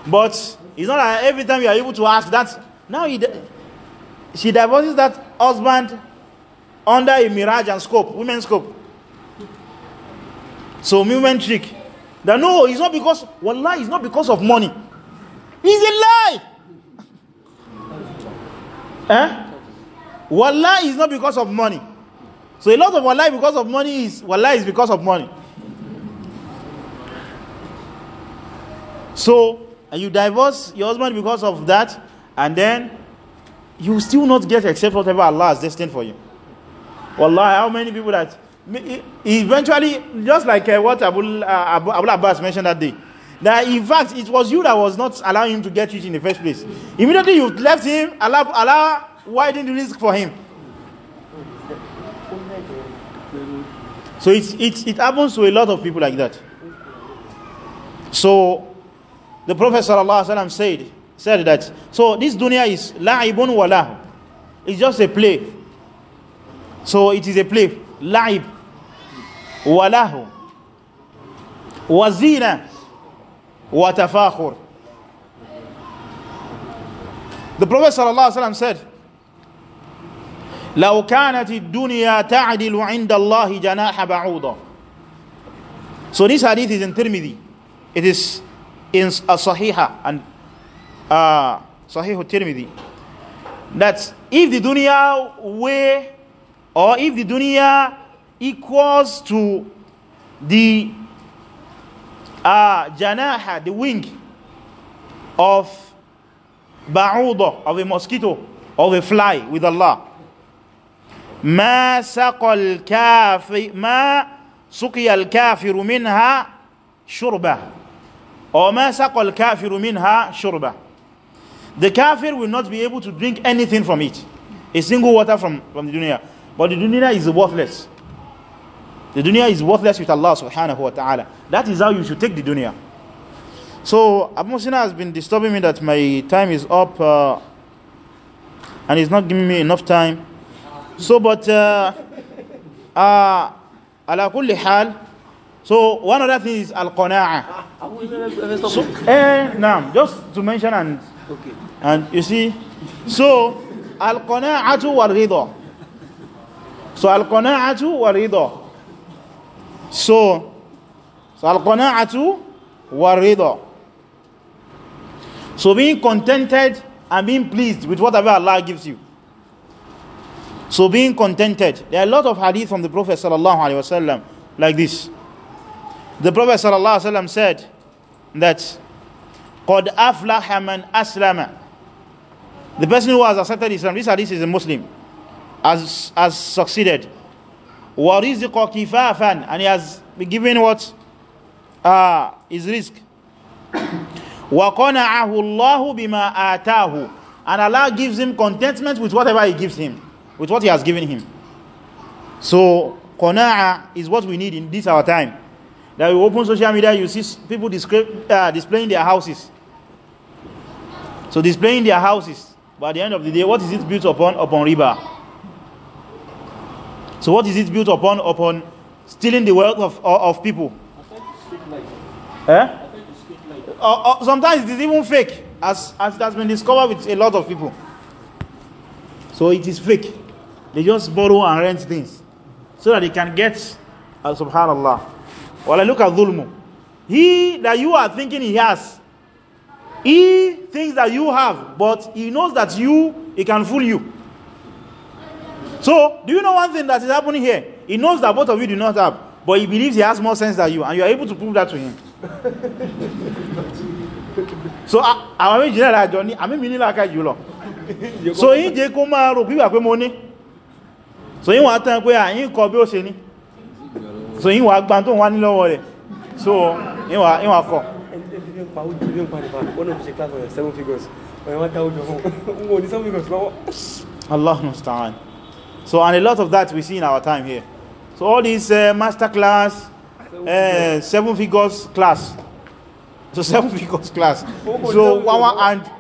but it's not like every time you are able to ask that now you she divorces that husband under a mirage and scope, women's scope. So women trick. That no, it's not because wallah, it's not because of money. It's a lie. eh? Wallah is not because of money. So a lot of wallah because of money is wallah is because of money. So you divorce your husband because of that, and then you will still not get except whatever Allah has destined for you. Wallah, how many people that eventually, just like uh, what uh, Abu, uh, Abbas mentioned that day, that in fact it was you that was not allowing him to get rich in the first place. Immediately you left him, Allah, Allah widened the risk for him. So it, it, it happens to a lot of people like that. So the Prophet said, said that so this dunya is la'ibun wa lahu it's just a play so it is a play la'ib wa lahu wa zina wa tafakhur the prophet sallallahu alaihi wasallam said لو كانت الدنيا تعدل عند الله جناح بعوضة So this hadith is in Tirmidhi. It is in a Sahiha and uh, Sahih al-Tirmidhi that if the dunya way or if the dunya equals to the uh, janaha, the wing of ba'udah, of a mosquito, of a fly with Allah. ما سقى الكافر ما سقي الكافر منها شربة أو ما سقى الكافر منها شربة The kafir will not be able to drink anything from it. A single water from, from the dunya. But the dunya is worthless. The dunya is worthless with Allah subhanahu wa ta'ala. That is how you should take the dunya. So Abu Musina has been disturbing me that my time is up uh, and he's not giving me enough time. So but uh, uh, ala kulli hal, so one other thing is al-qana'a. so, eh, nah, just to mention and okay. And you see, so al-qana'atu wal-ridha. So al-qana'atu wal-ridha. So, so al-qana'atu wal-ridha. So being contented and being pleased with whatever Allah gives you. So being contented. There are a lot of hadith from the Prophet sallallahu alaihi wasallam like this. The Prophet sallallahu alaihi wasallam said that "Qad أَفْلَحَ haman أَسْلَمَ the person who has accepted Islam, this hadith is a Muslim, has, has succeeded. وَرِزِقَ كِفَافًا And he has been given what? Uh, his risk. وَقَنَعَهُ اللَّهُ And Allah gives him contentment with whatever he gives him, with what he has given him. So, qana'a is what we need in this our time. That you open social media, you see people uh, displaying their houses. So displaying their houses by the end of the day what is it built upon upon riba so what is it built upon upon stealing the wealth of of, of people eh? or, uh, or uh, sometimes it is even fake as as it has been discovered with a lot of people so it is fake they just borrow and rent things so that they can get uh, subhanallah well I look at dhulmu he that you are thinking he has he thinks that you have but he knows that you he can fool you so do you know one thing that is happening here he knows that both of you do not have but he believes he has more sense than you and you are able to prove that to him so àwọn méjì náà láàjọ ní àmì mi nílá káàkiri lọ so yí jẹ́ kó máa rò bíwà pé mo ní so yí wà tán pé àyí kọ bí ó ṣe ní so yí wà gbá tó wà ní lọ́wọ́ rẹ̀ so yí wà kọ́ Allah musta'an. So, and a lot of that we see in our time here. So, all these uh, master class, uh, seven figures class. So, seven figures class. Oh, oh, so, one, one, and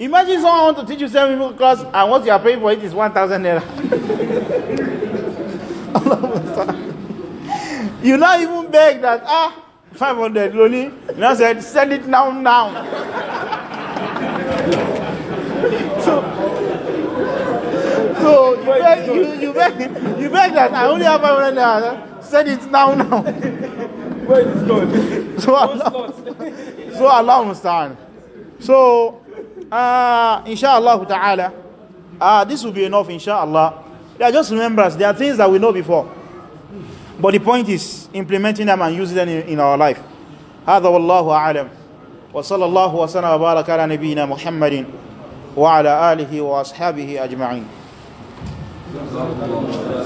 imagine someone want to teach you seven figures class, and what you are paying for it is 1,000 naira. you now even beg that, ah, 500 loli. And I said, send it now, now. so, so you beg, you, you, beg, you beg that I only have 500 naira. Send it now, now. Where is God? So Allah, so Allah understand. So, uh, inshallah ta'ala, uh, this will be enough, inshallah. They are just remembrance. There are things that we know before. But the point is implementing them and using them in, in our life. هذا والله أعلم وصلى الله وسلم وبارك على نبينا محمد وعلى آله وأصحابه أجمعين